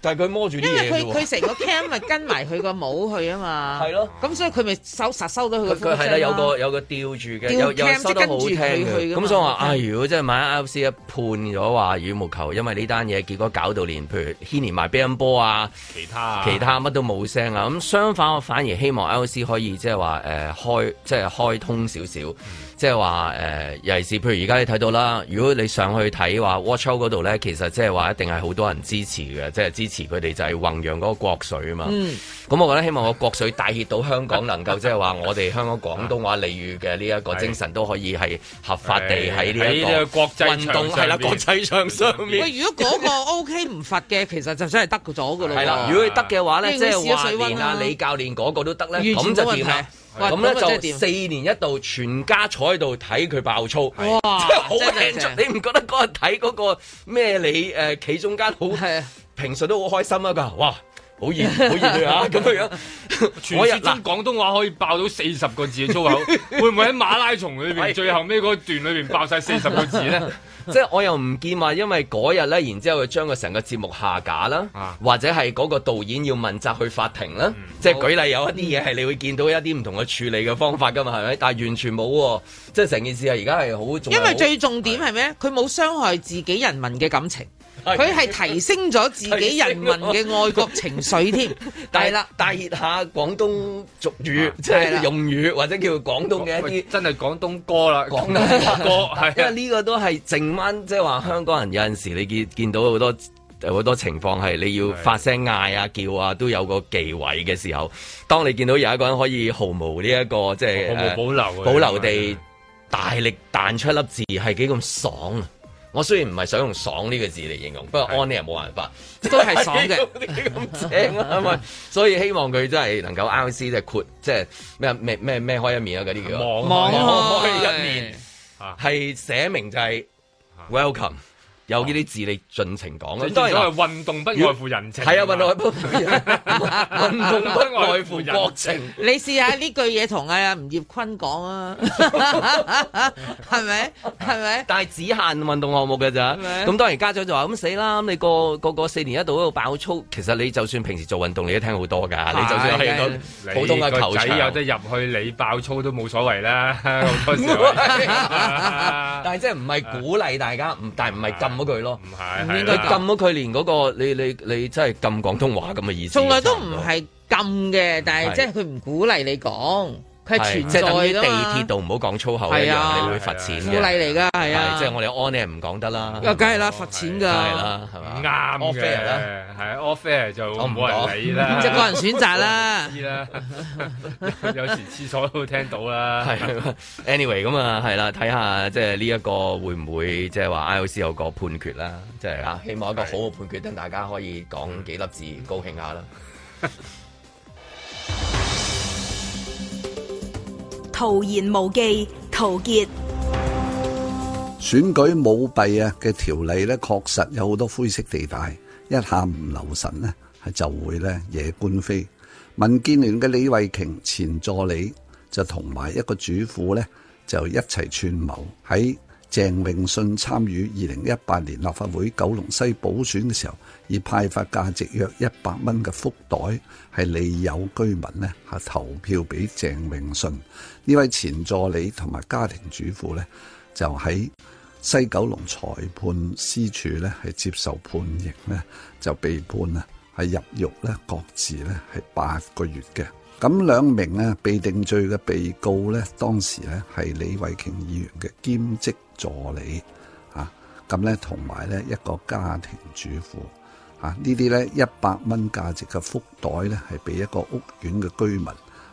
但係佢摸住啲嘢，因為佢佢成個 cam 咪跟埋佢個帽去啊嘛 的，係咯，咁所以佢咪收實收到佢個風啦。佢係有個有個吊住嘅，有有收得好聽嘅，咁所以話啊，如果真係買 L C 一、LC、判咗話羽毛球，因為呢單嘢結果搞到連譬如牽連埋乒乓波啊，其他其他乜都冇聲啊，咁相反我反而希望 L C 可以即係話誒開即係開通少少。嗯即係話誒，尤其是譬如而家你睇到啦，如果你上去睇話 Watch Out 嗰度咧，其實即係話一定係好多人支持嘅，即、就、係、是、支持佢哋就係弘揚嗰個國粹啊嘛。咁、嗯嗯、我覺得希望個國粹帶熱到香港， 能夠即係話我哋香港廣東話俚語嘅呢一個精神都可以係合法地喺呢個，個國際場上係啦，國際場上面。喂、嗯， 如果嗰個 OK 唔罰嘅，其實就真係得咗㗎啦。係啦。如果你得嘅話咧，即係話連阿李教練嗰個都得咧，咁就點啊？咁咧就四年一度，全家坐喺度睇佢爆粗，哇！真係好精彩。你唔覺得嗰日睇嗰個咩？你誒企中間好，平時的都好開心啊！噶，哇！好熱，好熱氣啊！咁 樣，傳說中廣東話可以爆到四十個字嘅粗口， 會唔會喺馬拉松裏邊的最後尾嗰段裏邊爆晒四十個字咧？ 即係我又唔見話，因為嗰日呢，然之後佢將個成個節目下架啦，啊、或者係嗰個導演要問責去法庭啦。嗯、即係舉例，有一啲嘢係你會見到一啲唔同嘅處理嘅方法噶嘛，係咪？ 但係完全冇，即係成件事係而家係好重要。因為最重點係咩？佢冇是傷害自己人民嘅感情。佢係提升咗自己人民嘅愛國情緒添，係啦提升， 大熱下廣東俗語、啊、用語或者叫廣東嘅一啲真係廣東歌啦，廣東歌， 因為呢個都係靜晚，即係話香港人有陣時你見見到好多好多情況係你要發聲嗌啊、叫啊，都有個忌諱嘅時候，當你見到有一個人可以毫無呢、這、一個即係、就是啊、毫無保留、啊、保留地大力彈出一粒字，係幾咁爽、啊我雖然唔係想用爽呢、呢個字嚟形容，不過安呢又冇辦法，都係是爽嘅。咁 正、啊、 所以希望佢真係能夠啱先，即係括，即係咩咩咩咩開一面啊！嗰啲叫網開看看一面，係寫明就係、是、看 welcome。有呢啲字你盡情講啊！當然都係運動不外乎人情，係啊運動不運動不外乎人情。你試下呢句嘢同阿吳業坤講啊，係咪係咪？但係只限運動項目㗎咋咁？當然家長就話咁死啦！你個個個四年一度喺度爆粗，其實你就算平時做運動，你都聽好多噶。你就算係普通嘅球仔有得入去，你爆粗都冇所謂啦。但係即係唔係鼓勵大家？但係唔係咁。冇佢咯，唔係，唔應該禁咗佢，連嗰個你你你，你真係禁廣東話咁嘅意思。從來都唔係禁嘅，是但係即係佢唔鼓勵你講。係存在咯，即係等於地鐵度唔好講粗口嘅人，你會罰錢嘅。福利嚟㗎，係啊！即係我哋安呢，唔講得啦。梗係啦，罰錢㗎。係啦，係嘛？啱嘅，係啊，off air 就個人睇啦。即係個人選擇啦。知啦，有時廁所都聽到啦。Anyway，咁啊，係啦，睇下即係呢一個會唔會即係話 IOC 有個判決啦，即係啊，希望一個好嘅判決，等大家可以講幾粒字，高興下啦。陶言無忌，陶傑選舉舞弊啊嘅條例呢，確實有好多灰色地帶，一下唔留神呢，係就會呢惹官非。民建聯嘅李慧瓊前助理就同埋一個主婦呢，就一齊串謀喺鄭泳舜參與二零一八年立法會九龍西補選嘅時候。而派發價值約一百蚊嘅福袋，係利誘居民咧，嚇投票俾鄭泳舜呢位前助理同埋家庭主婦呢，就喺西九龍裁判司署咧，係接受判刑咧，就被判啊係入獄咧，各自咧係八個月嘅。咁兩名咧被定罪嘅被告呢，當時咧係李慧瓊議員嘅兼職助理啊，咁呢，同埋呢一個家庭主婦。啊！呢啲咧一百蚊價值嘅福袋咧，係俾一個屋苑嘅居民，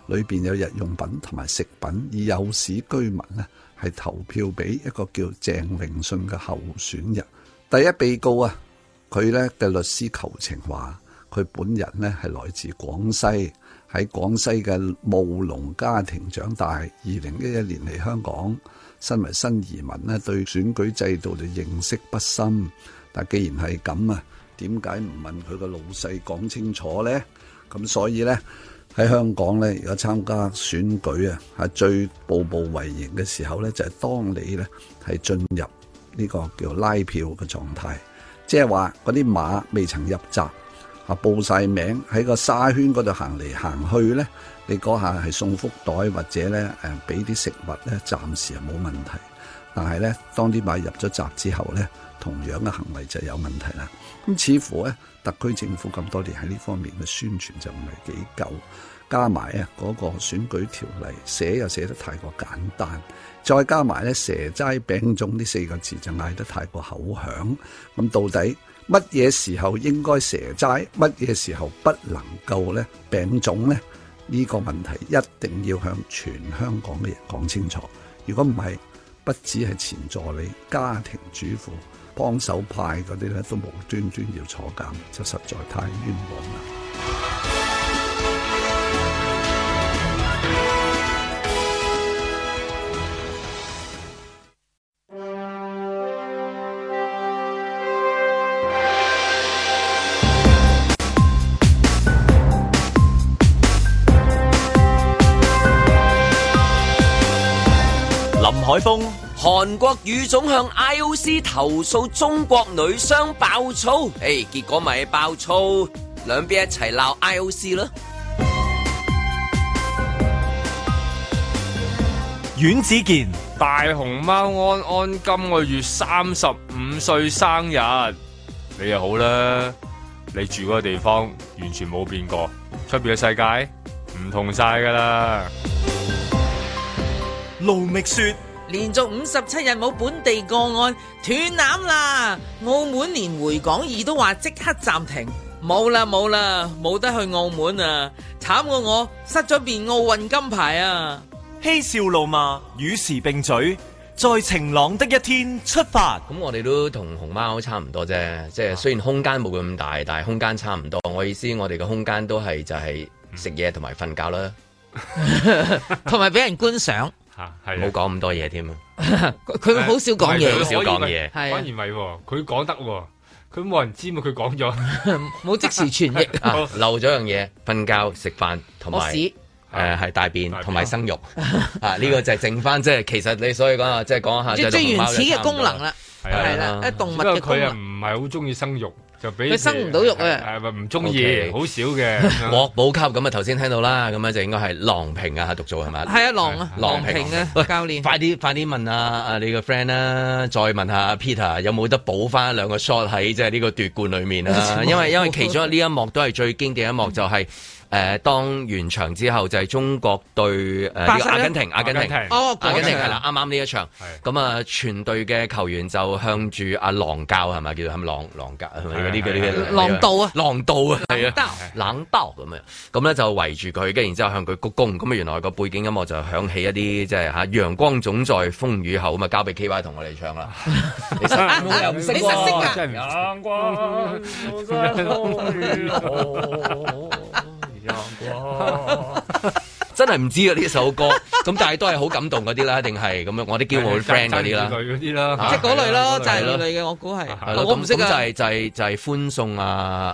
裏邊有日用品同埋食品。以有市居民呢係投票俾一個叫鄭榮信嘅候選人。第一被告啊，佢咧嘅律師求情話：佢本人呢係來自廣西，喺廣西嘅務農家庭長大。二零一一年嚟香港，身為新移民呢對選舉制度就認識不深。但既然係咁啊！點解唔問佢個老細講清楚咧？咁所以咧喺香港咧如果參加選舉啊，係最步步為營嘅時候咧，就係當你咧係進入呢個叫拉票嘅狀態，即係話嗰啲馬未曾入閘啊，報晒名喺個沙圈嗰度行嚟行去咧，你嗰下係送福袋或者咧誒俾啲食物咧，暫時係冇問題。但係咧，當啲馬入咗閘之後咧，同樣嘅行為就有問題啦。咁似乎咧，特區政府咁多年喺呢方面嘅宣傳就唔係幾夠，加埋啊嗰個選舉條例寫又寫得太過簡單，再加埋咧蛇齋餅粽呢四個字就嗌得太過口響。咁到底乜嘢時候應該蛇齋，乜嘢時候不能夠咧餅粽咧？呢個問題一定要向全香港嘅人講清楚。如果唔係，不止係前助理、家庭主婦。幫手派嗰啲咧都無端端要坐監，就實在太冤枉啦。韓國語總向 IOC 投訴中國女雙爆粗，誒，結果咪爆粗，兩邊一齊鬧 IOC 咯。阮子健，大熊貓安安今個月三十五歲生日，你又好啦，你住嗰個地方完全冇變過，出邊嘅世界唔同晒噶啦。盧覓雪。連續五十七日冇本地個案，斷纜啦！澳門連回港亦都話即刻暫停，冇啦冇啦，冇得去澳門啊！慘過我，失咗面奧運金牌啊！嬉笑怒罵，與時並嘴，在晴朗的一天出發。咁我哋都同熊貓差唔多啫，即係雖然空間冇咁大，但係空間差唔多。我意思，我哋嘅空間都係就係食嘢同埋瞓覺啦，同埋俾人觀賞。吓係冇講咁多嘢添，佢好少講嘢，好少講嘢，反而唔係，佢講得，佢冇人知嘛，佢講咗，冇即時傳譯，漏咗樣嘢，瞓覺、食飯同埋屎誒係大便同埋生育啊，呢個就係剩翻即係，其實你所以講啊，即係講下最原始嘅功能啦，係啦，一動物嘅功能，因為佢又唔係好中意生育。佢生唔到肉啊！係咪唔中意，好少嘅。莫補級咁啊！頭、啊、先 Okay. 聽到啦，咁咧就應該係郎平啊，讀做係咪？係 啊，郎啊，郎平啊！喂，教練，快啲快啲問下、啊、阿你個 friend 啦，再問下 Peter 有冇得補翻兩個 shot 喺即係呢個奪冠裡面啦、啊？ 因為因為其中呢一幕都係最經典一幕，就係、是。誒當完場之後就係中國隊，誒阿根廷，阿根廷哦，阿根廷係啦，啱啱呢一場。咁啊，全隊嘅球員就向住阿郎教係咪？叫做係咪郎郎教係咪？呢個呢個郎導啊，郎導啊，係啊，冷刀咁樣，咁咧就圍住佢，跟住然之後向佢鞠躬。咁啊，原來個背景音樂就響起一啲即係嚇，陽光總在風雨後。咁啊，交俾 K Y 同我哋唱啦。你真係有眼光，真係唔錯。陽光總真係唔知啊，呢首歌，咁但係都係好感動嗰啲啦，定係咁樣，我啲驕傲 friend 嗰啲啦，即係嗰類咯，就係嗰類嘅，我估係，我唔識，就係就係就係歡送啊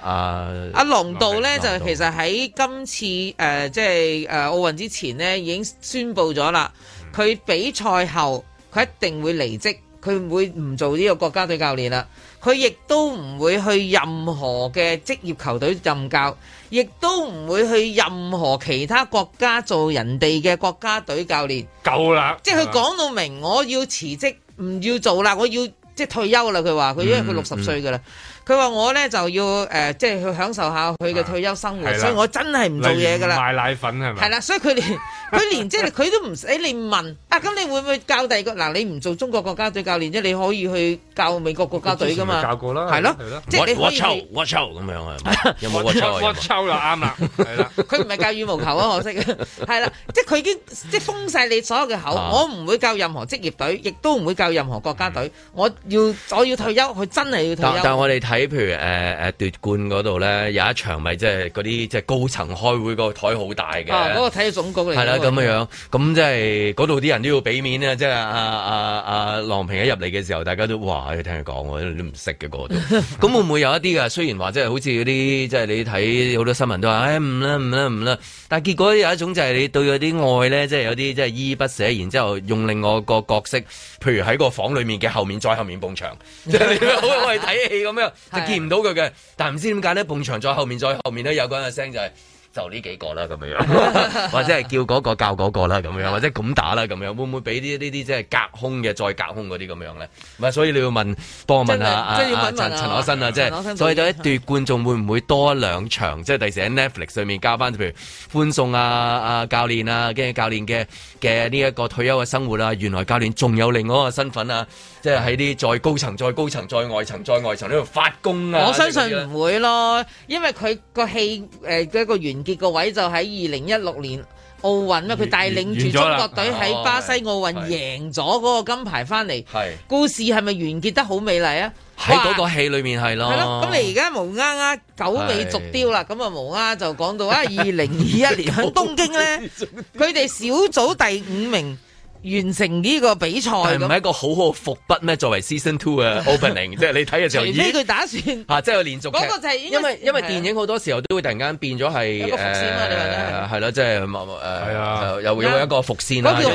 啊！阿郎導咧，就其實喺今次誒，即係誒奧運之前呢已經宣布咗啦。佢比賽後，佢一定會離職，佢唔會唔做呢個國家隊教練啦。佢亦都唔會去任何嘅職業球隊任教。亦都唔會去任何其他國家做人哋嘅國家隊教練，夠啦了！即係佢講到明我辭職，我要辭職，唔要做啦，我要即係退休啦。佢話佢因為佢六十歲㗎喇。嗯嗯佢話我咧就要，即係去享受下佢嘅退休生活，所以我真係唔做嘢噶啦。賣奶粉係咪？係啦，所以佢連佢連即係佢都唔，你你問啊？咁你會唔會教第二個嗱？你唔做中國國家隊教練即你可以去教美國國家隊噶嘛？教過啦，係咯，即係你。what 抽 what 抽咁樣啊？有冇 what 抽 what 抽就啱啦，係啦，佢唔係教羽毛球咯，可惜係啦，即係佢已經即係封晒你所有嘅口，我唔會教任何職業隊，亦都唔會教任何國家隊，我要我要退休，佢真係要退休。但但係我哋睇。比如誒誒、啊啊、奪冠嗰度咧，有一場咪即係嗰啲即係高層開會、啊個台好大嘅。啊，嗰個體育總局嚟。係啦，咁樣樣，咁即係嗰度啲人都要俾面啊！即係阿阿阿郎平一入嚟嘅時候，大家都哇！聽佢講喎，都唔識嘅嗰度。咁 會唔會有一啲啊？雖然話即係好似嗰啲即係你睇好多新聞都話，唉唔啦唔啦唔啦，但係結果有一種就係你對嗰啲愛咧，即係有啲即係依依不捨。然之後用另外個角色，譬如喺個房裡面嘅後面再後面捧場，好愛睇戲咁樣。就見唔到佢嘅，是啊、但唔知點解呢？埲牆再後面再後面都有個人嘅聲音就係、是。就呢幾個啦，咁樣樣，或者係叫嗰個教嗰個啦，咁樣，或者咁打啦，咁樣，會唔會俾啲呢啲即係隔空嘅再隔空嗰啲咁樣咧？唔係，所以你要問，幫我問下即係要問阿陳陳可辛啊，即係所以就一奪冠仲會唔會多一兩場？即係第時喺 Netflix 上面加翻，就譬如歡送啊啊教練啊，跟住教練嘅嘅呢一個退休嘅生活啊，原來教練仲有另外一個身份啊，即係喺啲再高層、再高層、再外層、再外層呢度發功啊！我相信唔會咯，因為佢個戲誒嘅一個原。結個位就喺二零一六年奧運啦，佢帶領住中國隊喺巴西奧運贏咗嗰個金牌翻嚟。係故事係咪完結得好美麗啊？喺嗰個戲裏面係咯。咁你而家無啱啱狗尾續貂啦，咁啊無啱就講到啊，二零二一年響東京咧，佢哋小組第五名。完成呢個比賽，係唔係一個好好嘅伏筆咩？作為 season two 嘅 opening，即係你睇嘅時候，呢句打算啊，即係連續劇，因為因為電影好多時候都會突然間變咗係誒，係啦，即係誒，係啊，有有一個伏線啦，就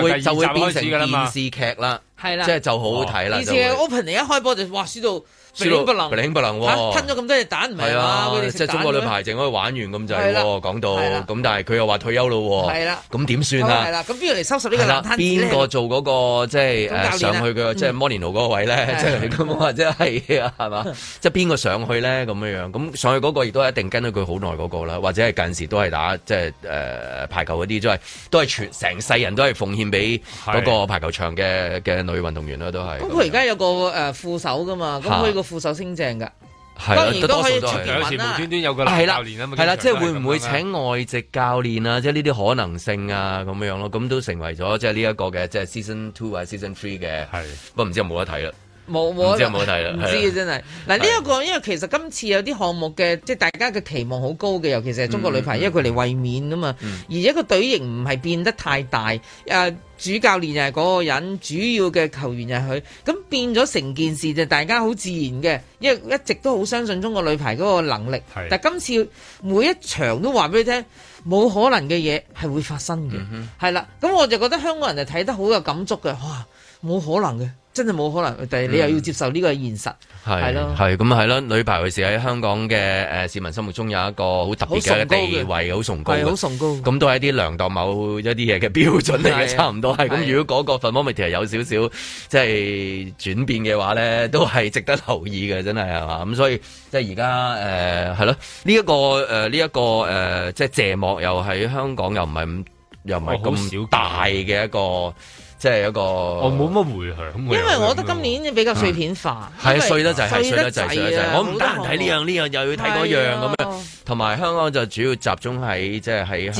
會就會變成電視劇啦，係啦，即係就好好睇啦。以前 opening 一開波就哇，輸到。小佬不能，不能喎，吞咗咁多隻蛋唔係啊？即係中國女排淨可以玩完，咁就係喎，講到咁，但係佢又話退休咯喎，係啦，咁點算啊？係啦，咁邊度嚟收拾呢個爛攤子？邊個做嗰個，即係誒上去嘅，即係莫連奴嗰位咧？即係咁啊，即係啊，係嘛？即係邊個上去咧？咁樣樣咁上去嗰個亦都一定跟咗佢好耐嗰個啦，或者係近時都係打即係誒排球嗰啲，即係都係全成世人都係奉獻俾嗰個排球場嘅嘅女運動員啦，都係。咁佢而家有個誒副手噶嘛？咁佢個副手升正噶，的當然多數都係有時無端端有個教練啊嘛，係啦，即係會唔會請外籍教練啊？即係呢啲可能性啊，咁樣、啊、樣咯，咁都成為咗即係呢一個嘅，即係 season two 啊，season three 嘅，係的，不過唔知有冇得睇啦。冇，我真係冇睇啦，唔知嘅真係。嗱呢一個，因為其實今次有啲項目嘅，即、就、係、是、大家嘅期望好高嘅，尤其是係中國女排，嗯、因為佢嚟衛冕啊嘛。嗯、而且個隊形唔係變得太大，誒、啊、主教練就係嗰個人，主要嘅球員就佢，咁變咗成件事就大家好自然嘅，因為一直都好相信中國女排嗰個能力。的但係今次每一場都話俾你聽，冇可能嘅嘢係會發生嘅，係啦、嗯哼。咁我就覺得香港人就睇得好有感觸嘅，哇，冇可能嘅。真係冇可能，但係你又要接受呢個現實，係咯、嗯，係咁係咯。女排嘅事喺香港嘅，誒、呃、市民心目中有一個好特別嘅地位，好崇高，好崇高。咁都係一啲量度某一啲嘢嘅標準嚟嘅，的差唔多係。咁的如果嗰個氛圍其實有少少即係轉變嘅話咧，都係值得留意嘅，真係係嘛。咁所以即係而家誒係咯，呢、呃、一、這個誒呢一個誒、呃、即係謝幕又喺香港又唔係咁又唔係咁大嘅一個。哦即係一個，我冇乜迴響。因為我覺得今年比較碎片化，係啊，碎得滯，碎得碎得滯。我唔得閒睇呢樣，呢樣又要睇嗰樣咁。同埋香港就主要集中喺即係喺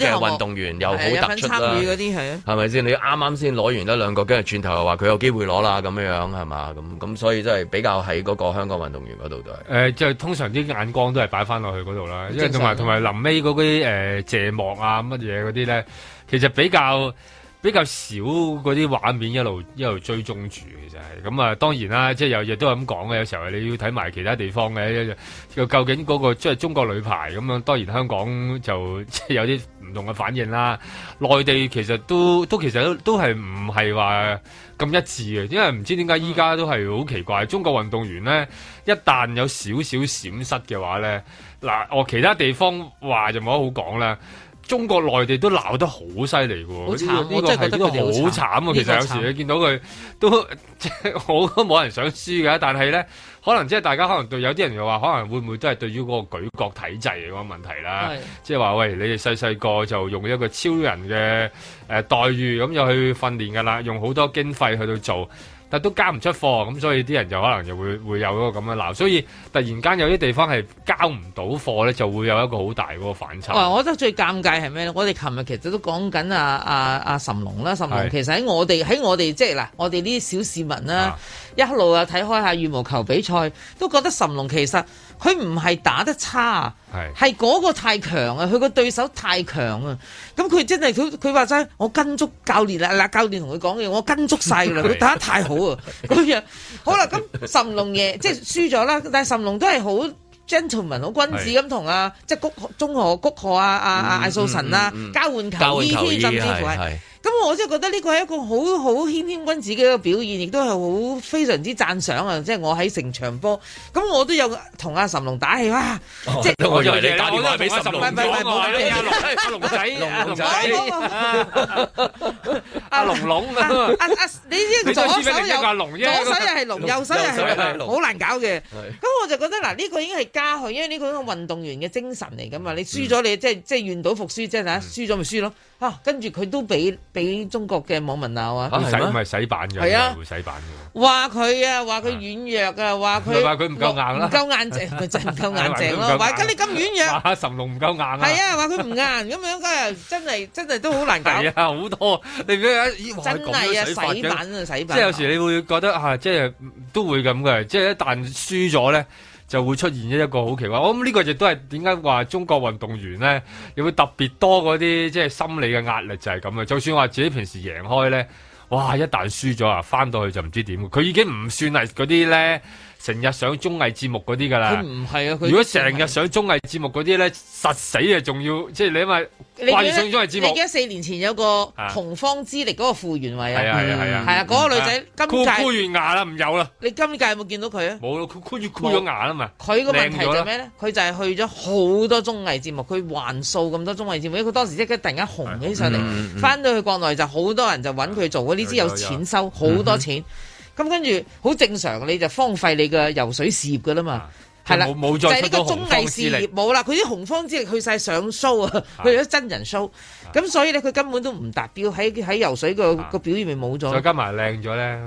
香港嘅運動員又好突出啦。有份參與嗰啲係。係咪先？你啱啱先攞完得兩個，跟住轉頭又話佢有機會攞啦咁樣樣係嘛？咁咁，所以真係比較喺嗰個香港運動員嗰度都係。誒，即係通常啲眼光都係擺翻落去嗰度啦。因為同埋同埋臨尾嗰啲誒謝幕啊乜嘢嗰啲咧，其實比較。比較少嗰啲畫面一路一路追蹤住，其實係咁啊。當然啦，即係有嘢都係咁講嘅。有時候你要睇埋其他地方嘅，就究竟嗰個即係中國女排咁樣啊。當然香港就即係有啲唔同嘅反應啦。內地其實都都其實都都係唔係話咁一致嘅，因為唔知點解依家都係好奇怪。中國運動員呢，一旦有少少閃失嘅話呢，嗱，我其他地方話就冇得好講啦。中國內地都鬧得好犀利嘅喎，呢個呢個係都好慘啊！其實有時你見到佢都即係好都冇人想輸㗎，但係咧可能即係大家可能對有啲人又話可能會唔會都係對於嗰個舉國體制嗰個問題啦，即係話喂，你哋細細個就用一個超人嘅誒、呃、待遇咁又去訓練㗎啦，用好多經費去到做。但都交唔出貨，咁所以啲人就可能又會會有嗰個咁嘅鬧，所以突然間有啲地方係交唔到貨咧，就會有一個好大嗰個反差。啊，我覺得最尷尬係咩咧？我哋琴日其實都講緊啊啊啊，神龍啦，神龍其實喺我哋喺我哋即係嗱，就是、我哋呢啲小市民啦，一路啊睇開下羽毛球比賽，都覺得神龍其實。佢唔係打得差，係嗰是個太強啊！佢個對手太強啊！咁佢真係，佢佢話齋，我跟足教練啊，教練同佢講嘅，我跟足曬佢，佢 打得太好啊！咁樣好啦，咁諶龍爺即係輸咗啦，但係諶龍都係好 gentleman，好君子咁同啊，即係谷中河谷河啊啊艾素臣啦、啊，嗯嗯嗯、交換球衣甚至乎係。咁我真係覺得呢個係一個好好謙謙君子嘅一個表現，亦都係好非常之讚賞啊！即係我喺成場波，咁我都有同阿岑龍打氣哇！即係我以為你打電話俾岑龍，我唔係龍仔，阿龍龍啊！你呢？左手又係龍，左手又係龍，右手又係龍，好難搞嘅。咁我就覺得嗱，呢個已經係嘉許，因為呢個都運動員嘅精神嚟噶嘛。你輸咗你即係即係願賭服輸，即係啦，輸咗咪輸咯。啊，跟住佢都俾。俾中國嘅網民鬧啊！洗咪洗版嘅，係啊，會洗版嘅。話佢啊，話佢軟弱啊，話佢話佢唔夠硬啦，唔夠硬淨，唔夠硬淨咯。話咁你咁軟弱，神龍唔夠硬啊！係啊，話佢唔硬咁樣，真係真係都好難搞。係啊，好多你唔知啊，真係啊，洗版啊，洗版。即係有時你會覺得啊，即係都會咁嘅，即係一旦輸咗咧。就會出現一一個好奇怪，我諗呢個亦都係點解話中國運動員呢，會特別多嗰啲即係心理嘅壓力，就係咁嘅。就算話自己平時贏開呢，哇！一旦輸咗啊，翻到去就唔知點，佢已經唔算係嗰啲呢。成日上綜藝節目嗰啲噶啦，如果成日上綜藝節目嗰啲咧，實死啊！仲要即係你因為掛上綜藝節目。你記得四年前有個洪荒之力嗰個傅園慧啊、嗯？係啊係啊係啊！係啊嗰個女仔，今箍箍完牙啦，唔有啦。呃、你今屆有冇見到佢啊？冇啦，箍住箍咗牙啦嘛。佢個問題就咩咧？佢 comeback 就係去咗好多綜藝節目，佢還數咁多綜藝節目。因為佢當時即刻突然間紅起上嚟，返、嗯嗯嗯、到去國內就好多人就揾佢做，呢啲有錢收，好多錢。嗯嗯嗯。咁跟住好正常，你就荒廢你嘅游水事業㗎啦嘛，係啦、啊，就係呢個綜藝事業冇啦，佢啲洪荒之力去晒上 show，佢哋啲真人 show。的咁所以咧，佢根本都唔達標，喺喺游水個個表現咪冇咗。再加埋靚咗咧，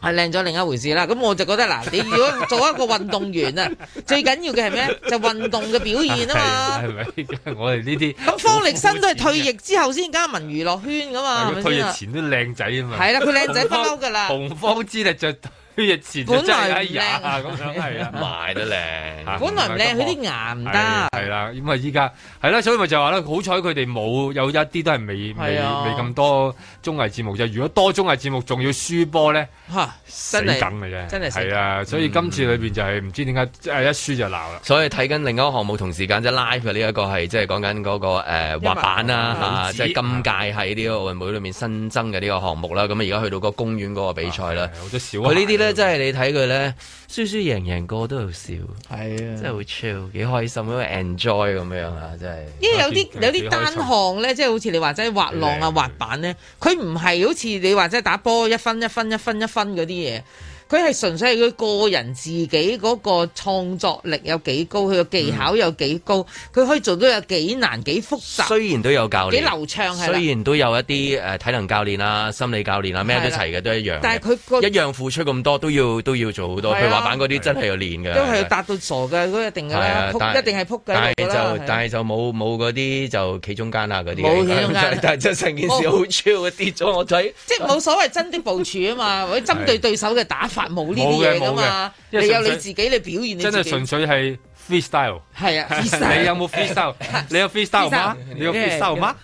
係靚咗另一回事啦。咁我就覺得嗱，你如果做一個運動員啊，最緊要嘅係咩？就運動嘅表現啊嘛。係咪？我哋呢啲咁方力申都係退役之後先加盟娛樂圈噶嘛。退役前都靚仔啊嘛。係啦，佢靚仔不嬲噶啦。紅方之力着。佢日前就真係靚啊，咁樣係啊，賣得靚。本來唔靚，佢啲牙唔得。係啦，咁啊依家係啦，所以咪就係話呢，好彩佢哋冇有一啲都係未未咁多綜藝節目啫。如果多綜藝節目仲要輸波咧，嚇死梗嘅啫。真係死梗。係啊，所以今次裏面就係唔知點解一輸就鬧啦。所以睇緊另一個項目同時間即係 live 嘅呢一個係即係講緊嗰個誒滑板啦，即係今屆喺呢個奧運會裏面新增嘅呢個項目啦。咁而家去到個公園嗰個比賽啦，好多小。即係你睇佢咧，輸輸贏贏個個都好笑，係啊，真係好 chill，幾開心咯，enjoy 咁樣啊，真係。因為，因為有啲有啲單項咧，即係好似你或者滑浪啊、滑板咧，佢唔係好似你或者打波一分一分一分一分嗰啲嘢。佢係純粹係佢個人自己嗰個創作力有幾高，佢嘅技巧有幾高，佢可以做到有幾難、幾複雜，雖然都有教練，幾流暢。雖然都有一啲誒體能教練啊、心理教練啊，咩都齊嘅，都一樣。但係佢一樣付出咁多，都要都要做好多，譬如話板嗰啲真係要練嘅。都係要達到傻嘅，嗰一定一定係撲嘅。但係就冇冇嗰啲就企中間啊嗰啲。但係真成件事好超，跌咗我仔，即係冇所謂真的部署啊嘛，或者針對對手嘅打法。冇呢啲嘢㗎嘛，你有你自己你表現。真係純粹係 freestyle。係啊，你有冇 freestyle？你有 freestyle 嗎？你有 freestyle 嗎？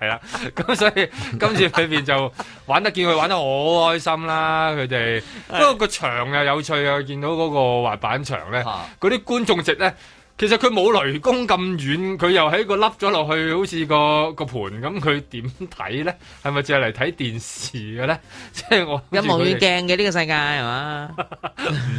係啦，咁所以今次裏邊就玩得見佢玩得好開心啦，佢哋。不過個場又有趣啊，見到嗰個滑板場咧，嗰啲觀眾席咧。其實佢冇雷公咁遠，佢又喺個凹咗落去，好似個個盤咁，佢點睇咧？係咪淨係嚟睇電視嘅咧？即係我有望遠鏡嘅呢個世界係嘛？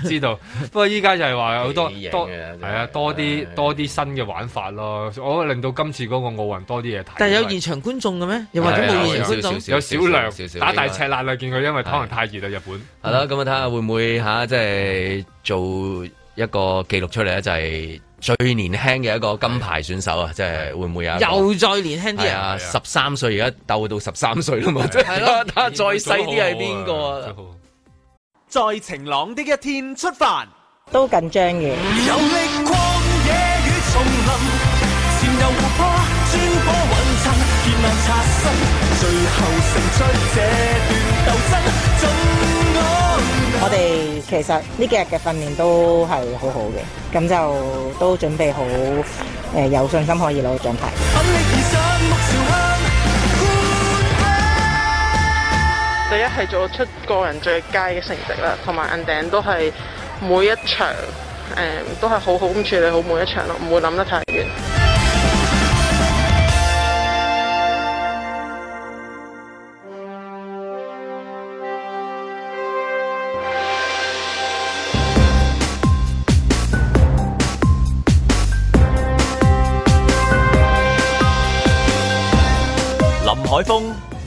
唔知道。不過依家就係話好多多係啊，多啲多啲新嘅玩法咯。我令到今次嗰個奧運多啲嘢睇。但係有現場觀眾嘅咩？又或者冇現場觀眾？有少量少打大赤肋啦，見佢因為可能太熱啦，日本。係啦，咁啊睇下會唔會下，即係做一個記錄出嚟咧？就係。最年輕嘅一個金牌選手啊，是的 即係會唔會有？又再年輕啲啊！十三歲，而家鬥到十三歲都冇。即係。係咯，再細啲係邊個啊？在晴朗的一天出發，都緊張嘅。有力光我哋其實呢幾日嘅訓練都係好好嘅，咁就都準備好誒、呃、有信心可以攞獎牌。第一係做出個人最佳嘅成績啦，同埋 ending 都係每一場誒、呃、都係好好咁處理好每一場咯，唔會諗得太。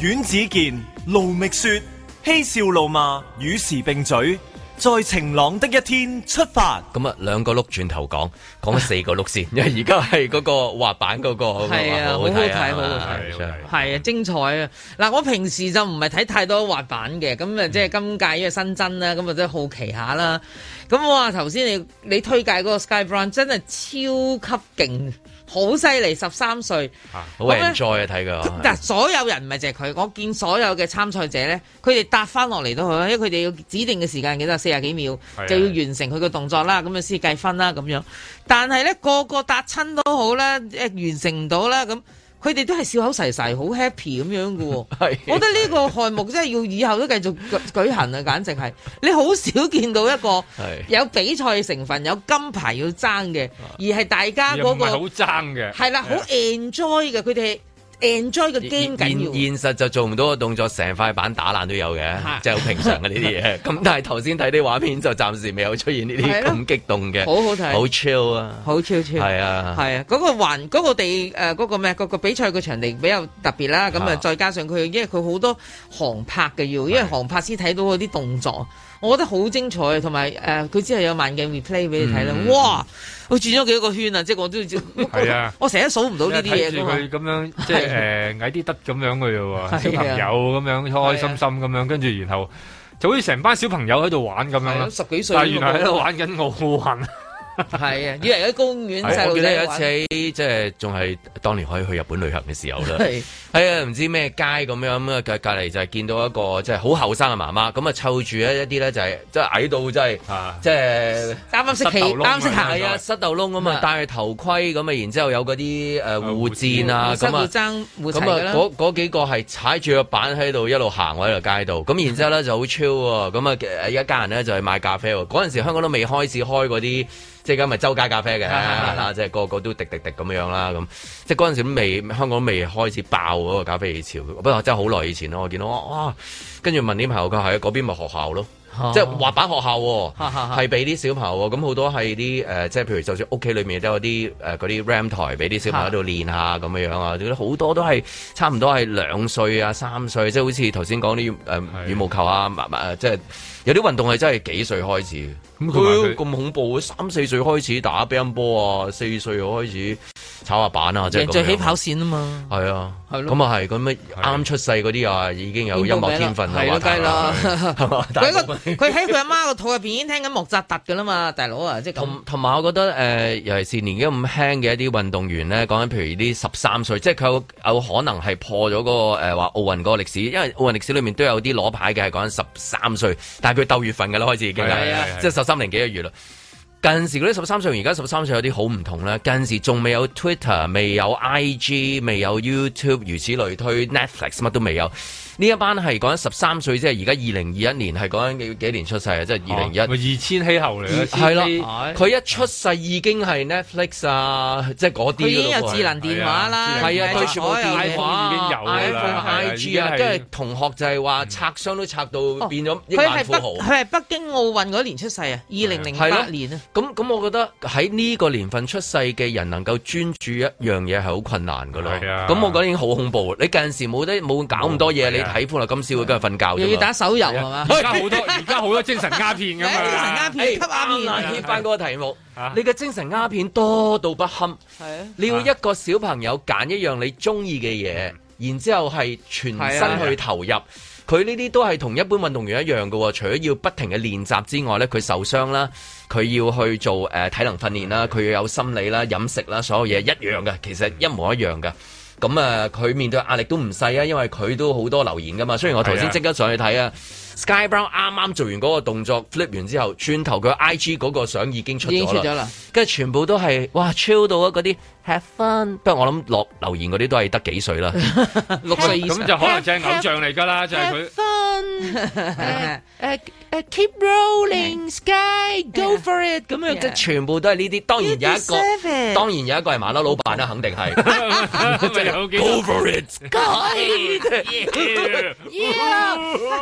阮子健盧覓雪，嬉笑怒罵與時並嘴，在晴朗的一天出發。咁啊，兩個碌轉頭講，講咗四個碌先， 因為而家係嗰個滑板嗰個。係啊，好好睇，好好睇，係啊，精彩啊！嗱，我平時就唔係睇太多滑板嘅，咁啊，即係今屆因為新增啦，咁啊，都好奇下啦、啊。咁我話頭先你你推介嗰個 Sky Brown 真係超級勁！好犀利！十三歲，好 enjoy 睇噶。嗱、啊，呢所有人唔係淨係佢，我見所有嘅參賽者咧，佢哋搭翻落嚟都好，因為佢哋要指定嘅時間幾多，四十幾秒就要完成佢個動作啦，咁樣先計分啦咁樣。但係咧個個搭親都好啦，誒完成唔到啦咁。佢哋都係笑口噬噬，好 happy 咁樣㗎喎。 我覺得呢個項目真係要以後都繼續舉行啊！簡直係，你好少見到一個有比賽成分、有金牌要爭嘅，而係大家嗰個好爭嘅，係啦，好 enjoy 嘅，佢哋。enjoy 個 game 緊要現，現現實就做唔到個動作，成塊板打爛都有嘅，是啊、即係好平常嘅呢啲嘢。咁 但係頭先睇啲畫片就暫時未有出現呢啲咁激動嘅、啊，好好睇，好 chill 啊，好超超，係啊，係啊，嗰、那個環嗰、那個地誒嗰、呃那個咩？個、那個比賽個場地比較特別啦。咁啊，再加上佢因為佢好多航拍嘅要，因為航拍先睇到嗰啲動作。我覺得好精彩，同埋誒佢之後有慢鏡 replay 俾你睇啦，嗯、哇！佢轉咗幾多個圈啊， 即係我都知道啊， 我成日數唔到呢啲嘢佢咁樣，啊、即係誒矮啲得咁樣嘅啫喎，心心啊、就小朋友咁樣開開心心咁樣，跟住然後就好似成班小朋友喺度玩咁樣啦，十幾歲，但原來喺度玩緊奧運、啊。 係啊，以為喺公園細路仔。我記得有一次即係仲係當年可以去日本旅行嘅時候啦。係。啊，唔知咩街咁樣咁啊，隔隔離就係見到一個即係好後生嘅媽媽，咁啊湊住一啲咧就係即係矮到即係，即係啱啱識行，啱啱識行，係啊，塞豆窿咁啊，戴頭盔咁啊，然之後有嗰啲誒護墊啊，咁啊爭護齊㗎啦。咁啊嗰嗰幾個係踩住個板喺度一路行喺條街度咁，然之後咧就好 chill 喎，咁啊一家人咧就係買咖啡喎。嗰時香港都未開始開嗰啲。即係而家咪周街咖啡嘅，係啦，即係個個都滴滴滴咁樣啦，咁即係嗰陣時未香港未開始爆嗰個咖啡潮，不過真係好耐以前咯。我見到哇，跟住問啲朋友，佢係嗰邊咪學校咯，啊、即係滑板學校，係俾啲小朋友咁，好多係啲誒即係譬如就算屋企裏面都有啲誒嗰啲 RAM 台俾啲小朋友喺度練下咁樣樣啊，好多都係差唔多係兩歲啊、三歲，即係好似頭先講啲誒羽毛球啊、呃呃、即係。有啲運動係真係幾歲開始，佢咁恐怖，三四歲開始打乒乓波啊，四歲開始炒滑板啊，即係淨起跑線啊嘛，係啊，咁啊係，咁啱、就是啊、出世嗰啲啊已經有音樂天分啦，係咯、啊，梗啦，佢佢喺佢阿媽個他他媽媽的肚入邊已經聽緊莫扎特噶啦嘛，大佬啊，即係同埋我覺得誒、呃，尤其是年紀咁輕嘅一啲運動員咧，講緊譬如啲十三歲，即係佢有，有可能係破咗嗰、那個誒話奧運嗰個歷史，因為奧運歷史裏面都有啲攞牌嘅係講緊十三歲，但佢鬥月份噶啦，開始已經係啊，即係十三年幾個月啦。近時嗰啲十三歲，而家十三歲有啲好唔同啦。近時仲未有 Twitter，未有 IG，未有 YouTube，如此類推，Netflix 乜都未有。呢一班係講緊十三歲，即係而家二零二一年係講緊幾年出世啊？即係二零一二千禧後嚟啦，佢一出世已經係 Netflix 啊，即係嗰啲已經有智能電話啦，係啊，最早有 iPhone、IG 啊，跟係同學就係話拆箱都拆到變咗億萬富豪。佢係北京奧運嗰年出世啊，二零零八年啊。咁咁，我覺得喺呢個年份出世嘅人能夠專注一樣嘢係好困難噶咯。咁我覺得已經好恐怖。你近陣時冇得冇搞咁多嘢，你睇番歡樂今宵，跟住瞓覺。要打手遊係嘛？而家好多，而家好多精神鴉片㗎嘛。精神鴉片吸鴉片。翻嗰個題目，你嘅精神鴉片多到不堪。係啊。你要一個小朋友揀一樣你中意嘅嘢，然之後係全身去投入。佢呢啲都係同一般運動員一樣喎。除咗要不停嘅練習之外呢，佢受傷啦，佢要去做誒、呃、體能訓練啦，佢要有心理啦、飲食啦，所有嘢一樣嘅，其實一模一樣嘅。咁啊，佢面對壓力都唔細啊，因為佢都好多留言噶嘛。雖然我頭先即刻上去睇啊的，Sky Brown 啱啱做完嗰個動作 flip 完的之後，轉頭佢 IG 嗰個相已經出咗啦，跟住全部都係哇超到啊嗰啲。have fun，不過我諗落留言嗰啲都係得幾歲啦，六歲咁就可能就係偶像嚟噶啦，就係佢。have fun，誒誒 keep rolling sky go for it，咁啊，即係全部都係呢啲，當然有一個當然有一個係馬騮老闆啦，肯定係。go for it，yeah，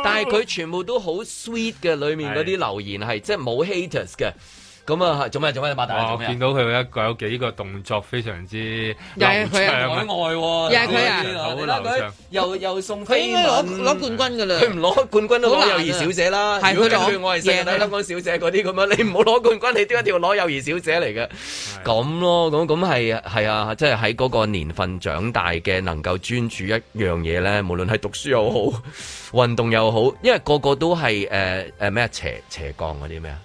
但係佢全部都好 sweet 嘅，裏面嗰啲留言係即係冇 haters 嘅。咁啊，做咩做咩，馬大？我見到佢一個有幾個動作非常之流暢外，又佢啊，好、啊啊、流佢又又送飛，攞攞冠軍噶啦，佢唔攞冠軍都攞友誼小姐啦。係！佢，我係剩啊，香港小姐嗰啲咁樣，的你唔好攞冠軍，你都一定要攞友誼小姐嚟嘅。咁的咯，咁咁係係啊，即係喺嗰個年份長大嘅，能夠專注一樣嘢咧，無論係讀書又好，運動又好，因為個個都係誒誒咩啊，斜斜槓嗰啲咩啊。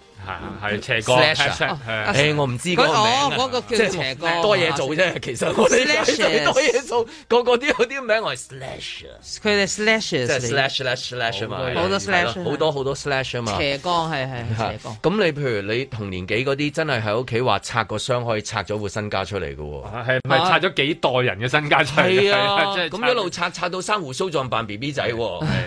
係係斜槓，我唔知個名，即係多嘢做啫。其實我多嘢做，個個都有啲名係 slash，佢哋 slash，slash slash slash 嘛，好多 slash，好多好多 slash 嘛。斜槓係係斜槓。咁你譬如你同年紀嗰啲，真係喺屋企話拆個箱，可以拆咗副身家出嚟嘅喎。係咪拆咗幾代人嘅身家出嚟？係啊，即係咁一路拆拆到生鬍鬚，仲扮 B B 仔，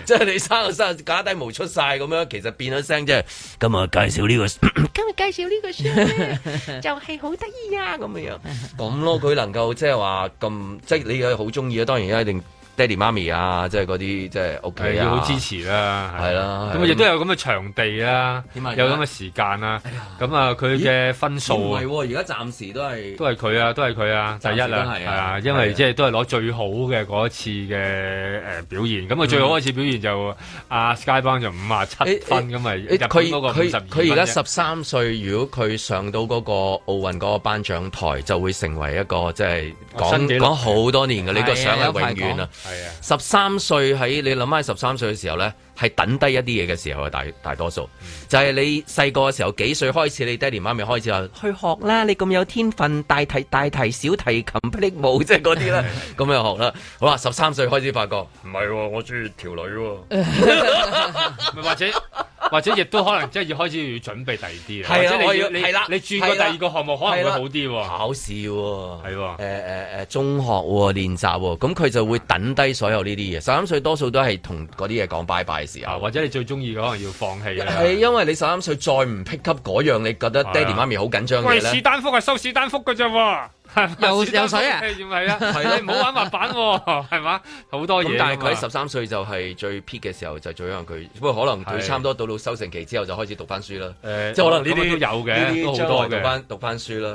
即係你生個生假低毛出晒咁樣，其實變咗聲啫。咁啊，介紹呢個。今日介紹呢個書就係好得意啊，咁樣咁咯，佢能夠即係話咁，即係你又好中意啊，當然一定。爹哋媽咪啊，即係嗰啲，即係屋企啊，要好支持啦，係啦，咁亦都有咁嘅場地啦，有咁嘅時間啦，咁啊佢嘅分數唔係喎，而家暫時都係都係佢啊，都係佢啊，第一啦，係啊，因為即係都係攞最好嘅嗰一次嘅誒表現，咁啊最好一次表現就阿 Sky Brown 就五啊七分咁啊，入邊嗰個五十二分。佢而家十三歲，如果佢上到嗰個奧運嗰個頒獎台，就會成為一個即係講講好多年嘅呢個相係永遠啊！係啊，十三歲，喺你諗翻十三歲嘅時候咧，係等低一啲嘢嘅時候啊，大大多數就係你細個嘅時候，嗯、時候幾歲開始你爹哋媽咪開始話去學啦，你咁有天分，大提大提小提琴、霹靂舞即係嗰啲啦，咁 樣學啦。好啦，十三歲開始發覺，唔係、啊，我中意條女、啊，或者。 或者亦都可能即係要開始要準備第二啲啊，或者你要要你你轉、啊、個第二個項目可能會好啲喎。啊啊、考試喎、啊，係喎、啊呃呃，中學喎、啊、練習喎、啊，咁佢就會等低所有呢啲嘢。十三歲多數都係同嗰啲嘢講拜拜嘅時候、啊，或者你最中意可能要放棄啦、啊。係因為你十三歲再唔 pick up 嗰樣，你覺得爹哋媽咪好緊張嘅咧，士丹福、啊、係收士丹福㗎啫喎。有有水啊，點係啊？你唔好玩滑板喎，係嘛？好多嘢。但係佢十三歲就係最 peak 嘅時候就最樣，佢不過可能佢差唔多到到收成期之後就開始讀翻書啦。誒，即係可能呢啲都有嘅，都好多嘅。讀翻讀翻書啦，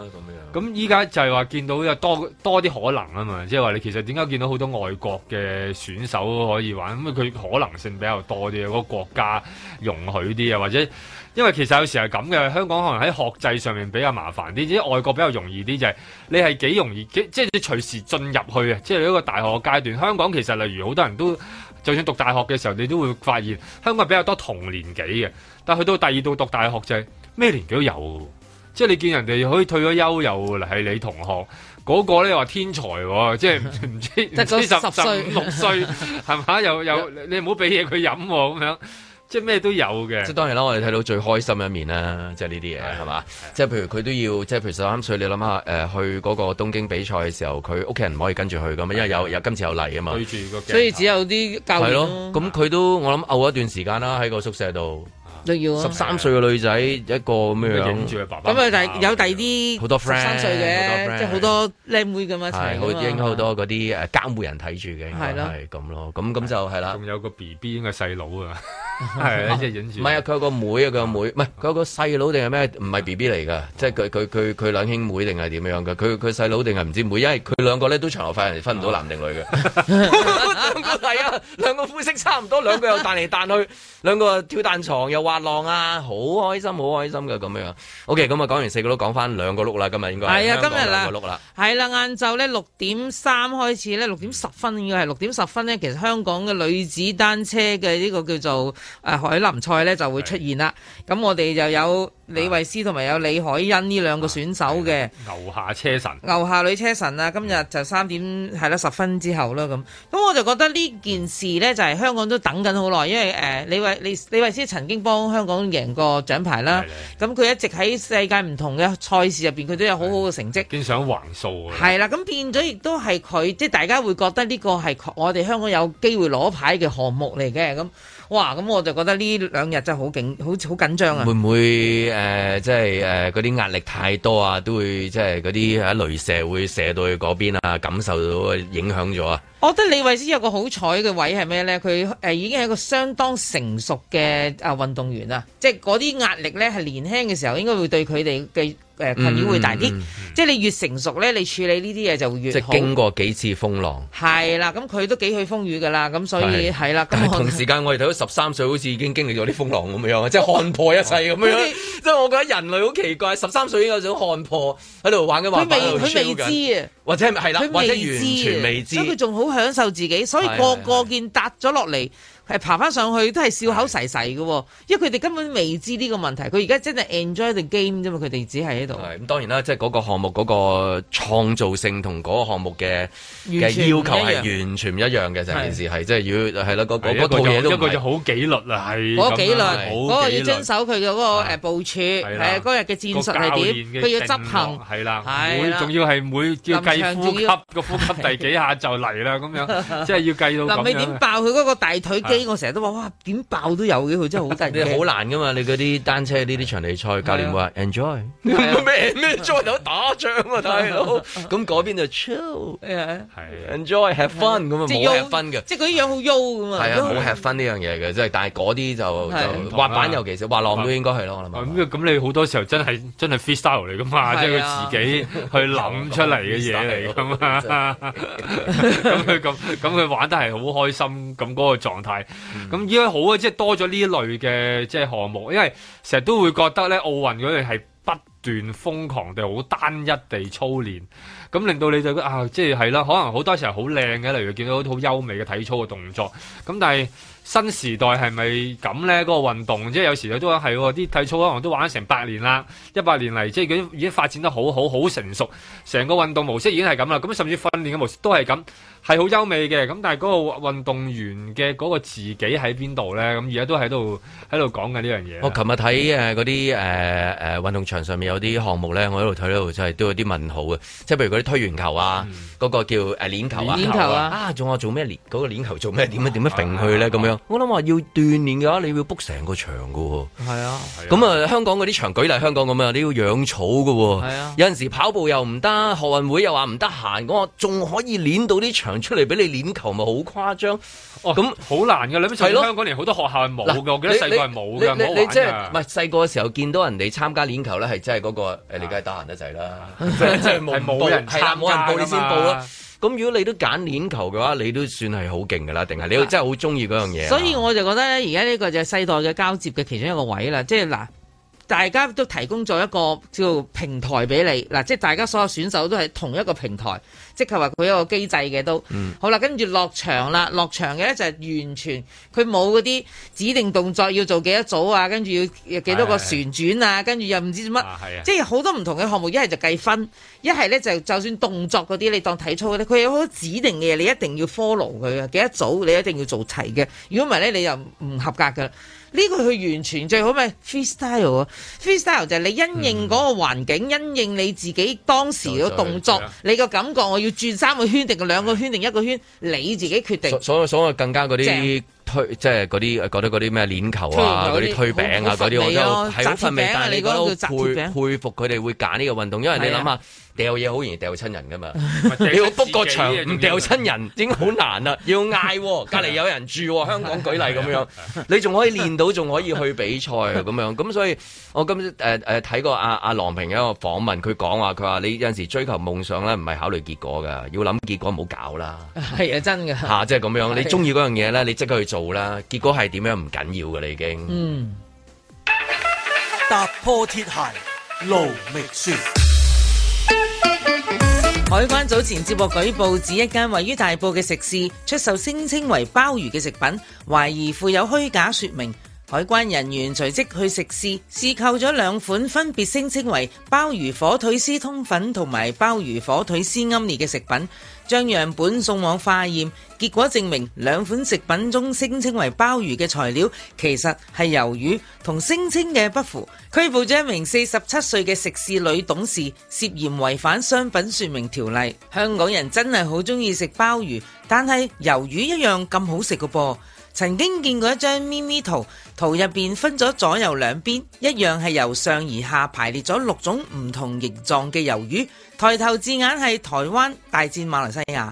咁樣。咁依家就係話見到有多多啲可能啊嘛，即係話你其實點解見到好多外國嘅選手可以玩？咁佢可能性比較多啲啊，個國家容許啲啊，或者。因為其實有時係咁嘅，香港可能喺學制上面比較麻煩啲，啲外國比較容易啲就係、是、你係幾容易，即係你隨時進入去嘅，即係一個大學嘅階段。香港其實例如好多人都，就算讀大學嘅時候，你都會發現香港比較多同年紀嘅，但係去到第二度讀大學就係、是、咩年紀都有，即係你見人哋可以退咗休又係你同學嗰、那個咧話天才、哦，即係唔知唔知道即係十，歲十,十六歲係咪？又又你唔好俾嘢佢飲咁樣。即係咩都有嘅，即係當然啦。我哋睇到最開心嘅一面啦，即係呢啲嘢係嘛。即係譬如佢都要，即係譬如十三歲，你諗下誒，去嗰個東京比賽嘅時候，佢屋企人唔可以跟住去噶嘛，因為有有今次有例啊嘛。所以只有啲教練係咯。咁佢都我諗漚一段時間啦，喺個宿舍度。都要十三歲嘅女仔一個咁樣，咁啊，佢有第啲好多 friend 嘅，即係好多靚妹咁啊一齊好多好多嗰啲誒監護人睇住嘅，係咁咯。咁咁就係啦。仲有個 BB 應該係細佬啊。係啊，即係影住。唔係啊，佢有個妹啊，個妹唔係佢有個細佬定係咩？唔係 B B 嚟噶，即係佢佢佢佢兩兄妹定係點樣噶？佢佢細佬定係唔知妹，因為佢兩個咧都長頭髮，人哋分唔到男定女嘅。兩個係啊，兩個灰色差唔多，兩個又彈嚟彈去，兩個跳彈床又滑浪啊，好開心，好開心噶咁樣。O K，咁啊講完四個都講翻兩個碌啦，今日應該係啊，今日兩個碌啦，係啦，晏晝咧六點三開始咧，六點十分應該係六點十分咧。其實香港嘅女子單車嘅呢個叫做。誒、啊，凱林賽咧就會出現啦。咁的我哋就有李慧詩同埋有李海恩呢兩個選手嘅牛下車神，牛下女車神啦、啊。今日就三點係啦，十、嗯、分之後啦咁。咁我就覺得呢件事呢，就係、是、香港都等緊好耐，因為誒、呃、李慧李李慧詩曾經幫香港贏過獎牌啦。咁佢的一直喺世界唔同嘅賽事入邊，佢都有好好嘅成績。經常橫掃係係啦，咁變咗亦都係佢，即、就、係、是、大家會覺得呢個係我哋香港有機會攞牌嘅項目嚟嘅咁。哇！咁我就覺得呢兩日真係好緊，好好緊張啊！會唔會、呃、即係誒嗰啲壓力太多啊，都會即係嗰啲雷射會射到去嗰邊啊，感受到影響咗啊！我覺得李慧詩有個好彩嘅位係咩咧？佢、呃、已經係一個相當成熟嘅啊運動員啊，即係嗰啲壓力咧係年輕嘅時候應該會對佢哋嘅，誒，困擾會大啲，即係你越成熟咧，你處理呢啲嘢就會越好。即係經過幾次風浪，係啦，咁佢都幾去風雨噶啦，咁所以係啦。咁同時間，我哋睇到十三歲好似已經經歷咗啲風浪咁樣，即係看破一切咁樣。即係我覺得人類好奇怪，十三歲已經有種看破喺度玩嘅話，佢未佢未知啊，或者係啦，或者完全未知。所以佢仲好享受自己，所以個個件搭咗落嚟。係爬翻上去都係笑口噬噬嘅，因為佢哋根本未知呢個問題。佢而家真係 enjoy the game 啫嘛，佢哋只係喺度。咁，當然啦，即係嗰個項目嗰個創造性同嗰個項目嘅嘅要求係完全唔一樣嘅成件事，係即係要係啦，嗰套嘢都一個就好紀律啊，係嗰紀律嗰個要遵守佢嘅嗰個部署係嗰日嘅戰術係點佢要執行係啦，係仲要係每要計呼吸個呼吸第幾下就嚟啦咁樣，即係要計到你點爆佢嗰個大腿？呢我成日都話哇，點爆都有嘅，佢真係好得意。好難噶嘛，你嗰啲單車呢啲場地賽，教練話 enjoy 咩咩 joy 又打仗啊大佬，咁嗰邊就 chill 係 enjoy have fun 咁冇 have fun 嘅，即係嗰啲樣好悠咁啊，係啊，冇 have fun 呢樣嘢嘅，即係但係嗰啲就就滑板尤其是滑浪都應該係咯，我諗。咁你好多時候真係真係 free style 嚟噶嘛，即係佢自己去諗出嚟嘅嘢嚟噶嘛，咁佢咁咁佢玩得係好開心，咁嗰個狀態。咁依家好啊，即係多咗呢一類嘅即係項目，因為成日都會覺得咧，奧運嗰類係不斷瘋狂地好單一地操練，咁令到你就啊，即係係啦，可能好多時候好靚嘅，例如見到好優美嘅體操嘅動作，咁但係。新時代係咪咁咧？嗰個運動即係有時都係喎，啲體操可能都玩成百年啦，一百年嚟，即係佢已經發展得好好，好成熟，成個運動模式已經係咁啦。咁甚至訓練嘅模式都係咁，係好優美嘅。咁但係嗰個運動員嘅嗰個自己喺邊度咧？咁而家都喺度喺度講緊呢樣嘢。我琴日睇嗰啲誒誒運動場上面有啲項目咧，我喺度睇到就係都有啲問號嘅，即係譬如嗰啲推圓球啊，嗰、嗯、個叫鏈球啊，鏈球啊，球啊仲、啊、做咩、嗰個、鏈嗰球做咩點樣點樣揈去咧咁樣？我諗話要鍛煉嘅話，你要 book 成個場噶。係啊，咁啊，香港嗰啲場，舉例香港咁啊，你要養草噶。係啊，有陣時跑步又唔得，學運會又話唔得閒，我仲可以練到啲場出嚟俾你練球，咪好誇張。哦，咁好難噶。你咩？係咯，香港連好多學校係冇噶，我記得細個係冇噶。你即係唔係細個嘅時候見到人哋參加練球咧，係真係嗰個誒，你梗係得閒得滯啦，即係冇人係啊，冇人報你先報啦。咁如果你都揀鏈球嘅話，你都算係好勁㗎啦，定係你真係好中意嗰樣嘢。所以我就覺得咧，而家呢個就係世代嘅交接嘅其中一個位啦。即係嗱，大家都提供咗一個叫平台俾你嗱，即係大家所有選手都係同一個平台。即係話佢有個機制嘅都，嗯、好啦，跟住落場啦，落場嘅咧就係完全佢冇嗰啲指定動作要做幾多組啊，跟住要幾多個旋轉啊，跟住係啊又唔知做乜，係啊即係好多唔同嘅項目，一係就計分，一係咧就就算動作嗰啲你當體操嗰啲，佢有好多指定嘅嘢你一定要 follow 佢啊，幾多組你一定要做齊嘅，如果唔係咧你又唔合格噶。呢個佢完全最好咩 freestyle 啊！freestyle 就係你因應嗰個環境，嗯、因應你自己當時個動作，你個感覺我要轉三個圈定兩兩個圈定一個圈，你自己決定。所以所，所更加嗰啲正推，即係嗰啲覺得嗰啲咩鏈球啊，嗰啲推餅些啊，嗰啲都係好乏味。啊、但係你覺得佩佩服佢哋會揀呢個運動，因為你諗下。掉嘢好容易掉親人噶嘛，你 要 book 個場唔掉親人，已經好難啦？要嗌喎，隔離 有人住喎。 香港舉例咁樣， 你仲可以練到，仲可以去比賽咁 樣。咁所以我今誒誒睇過阿、啊、阿、啊、郎平一個訪問，佢講話佢話你有陣時追求夢想咧，唔係考慮結果噶，要諗結果唔好搞啦。係啊，真、就、嘅、是，嚇的，即係咁樣，你中意嗰樣嘢咧，你即刻去做啦。結果係點樣唔緊要噶啦，已經。嗯，踏破鐵鞋路未絕。海關早前接獲舉報，指一間位於大埔嘅食肆出售聲稱為鮑魚嘅食品，懷疑附有虛假說明。海關人員隨即去食肆，試購咗兩款分別聲稱為鮑魚火腿絲通粉同埋鮑魚火腿絲奄列嘅食品。將樣本送往化驗，結果證明兩款食品中聲稱為鮑魚嘅材料，其實係魷魚，同聲稱嘅不符。拘捕咗一名四十七歲嘅食肆女董事，涉嫌違反商品說明條例。香港人真係好中意食鮑魚，但係魷魚一樣咁好食噶噃。曾經見過一張咪咪圖。圖入邊分咗左右兩邊，一樣係由上而下排列咗六種唔同形狀嘅魷魚。抬頭字眼係台灣大戰馬來西亞，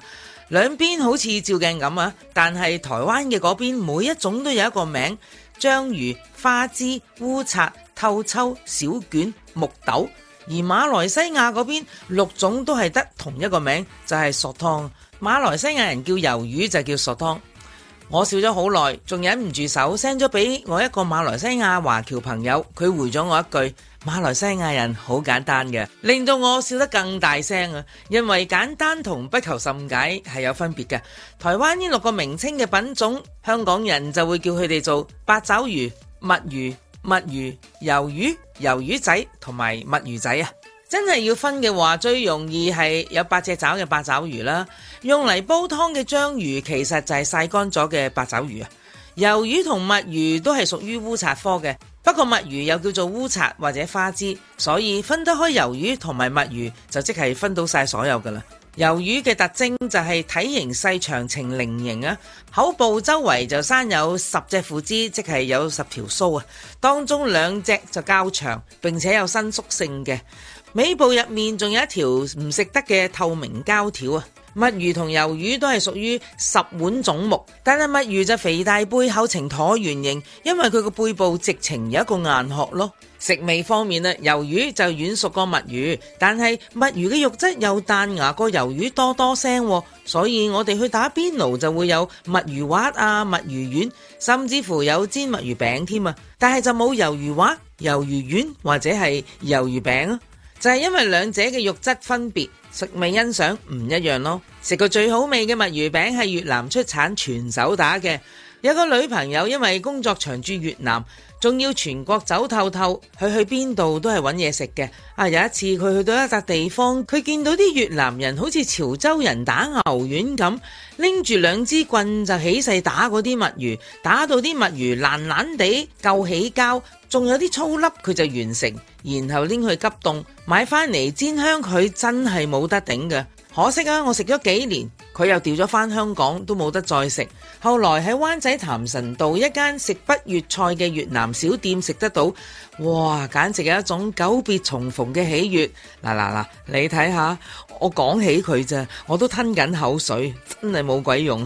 兩邊好似照鏡咁啊！但係台灣嘅嗰邊每一種都有一個名：章魚、花枝、烏賊、透抽、小卷、木豆。而馬來西亞嗰邊六種都係得同一個名，就係索湯。馬來西亞人叫魷魚就叫索湯。我笑咗好耐，仲忍唔住手 send 咗俾我一個馬來西亞華僑朋友，佢回咗我一句：馬來西亞人好簡單㗎，令到我笑得更大聲啊！認為簡單同不求甚解係有分別㗎。台灣呢六個名稱嘅品種，香港人就會叫佢哋做八爪魚、墨魚、墨魚、魷魚、魷魚仔同埋墨魚仔啊！真係要分嘅話，最容易係有八隻爪嘅八爪魚啦。用嚟煲湯嘅章魚其實就係曬乾咗嘅八爪魚啊。魷魚同墨魚都係屬於烏賊科嘅，不過墨魚又叫做烏賊或者花枝，所以分得開魷魚同埋墨魚就即係分到晒所有㗎喇。魷魚嘅特徵就係體型細長呈菱形啊，口部周圍就生有十隻附肢，即係有十條鬚啊，當中兩隻就較長，並且有伸縮性嘅。尾部入面仲有一條唔食得嘅透明膠條啊！墨魚同魷魚都係屬於十腕總目，但係墨魚就肥大，背後呈橢圓形，因為佢個背部直情有一個硬殼咯。食味方面咧，魷魚就軟熟過墨魚，但係墨魚嘅肉質又彈牙過魷魚多多聲，所以我哋去打邊爐就會有墨魚滑啊、墨魚丸，甚至乎有煎墨魚餅添啊！但係就冇魷魚滑、魷魚丸或者係魷魚餅啊。就係因為兩者嘅肉質分別、食味欣賞唔一樣咯。食過最好味嘅墨魚餅係越南出產全手打嘅。有個女朋友因為工作長住越南，仲要全國走透透，佢去邊度都係揾嘢食嘅。啊，有一次佢去到一笪地方，佢見到啲越南人好似潮州人打牛丸咁，拎住兩支棍就起勢打嗰啲墨魚，打到啲墨魚爛爛地，夠起膠。仲有啲粗粒，佢就完成，然後拎去急凍，買返嚟煎香，佢真係冇得頂嘅。可惜啊，我食咗幾年，佢又掉咗返香港，都冇得再食。後來喺灣仔譚臣道一間食北越菜嘅越南小店食得到，哇！簡直係一種久別重逢嘅喜悅。嗱嗱嗱，你睇下，我講起佢啫，我都吞緊口水，真係冇鬼用。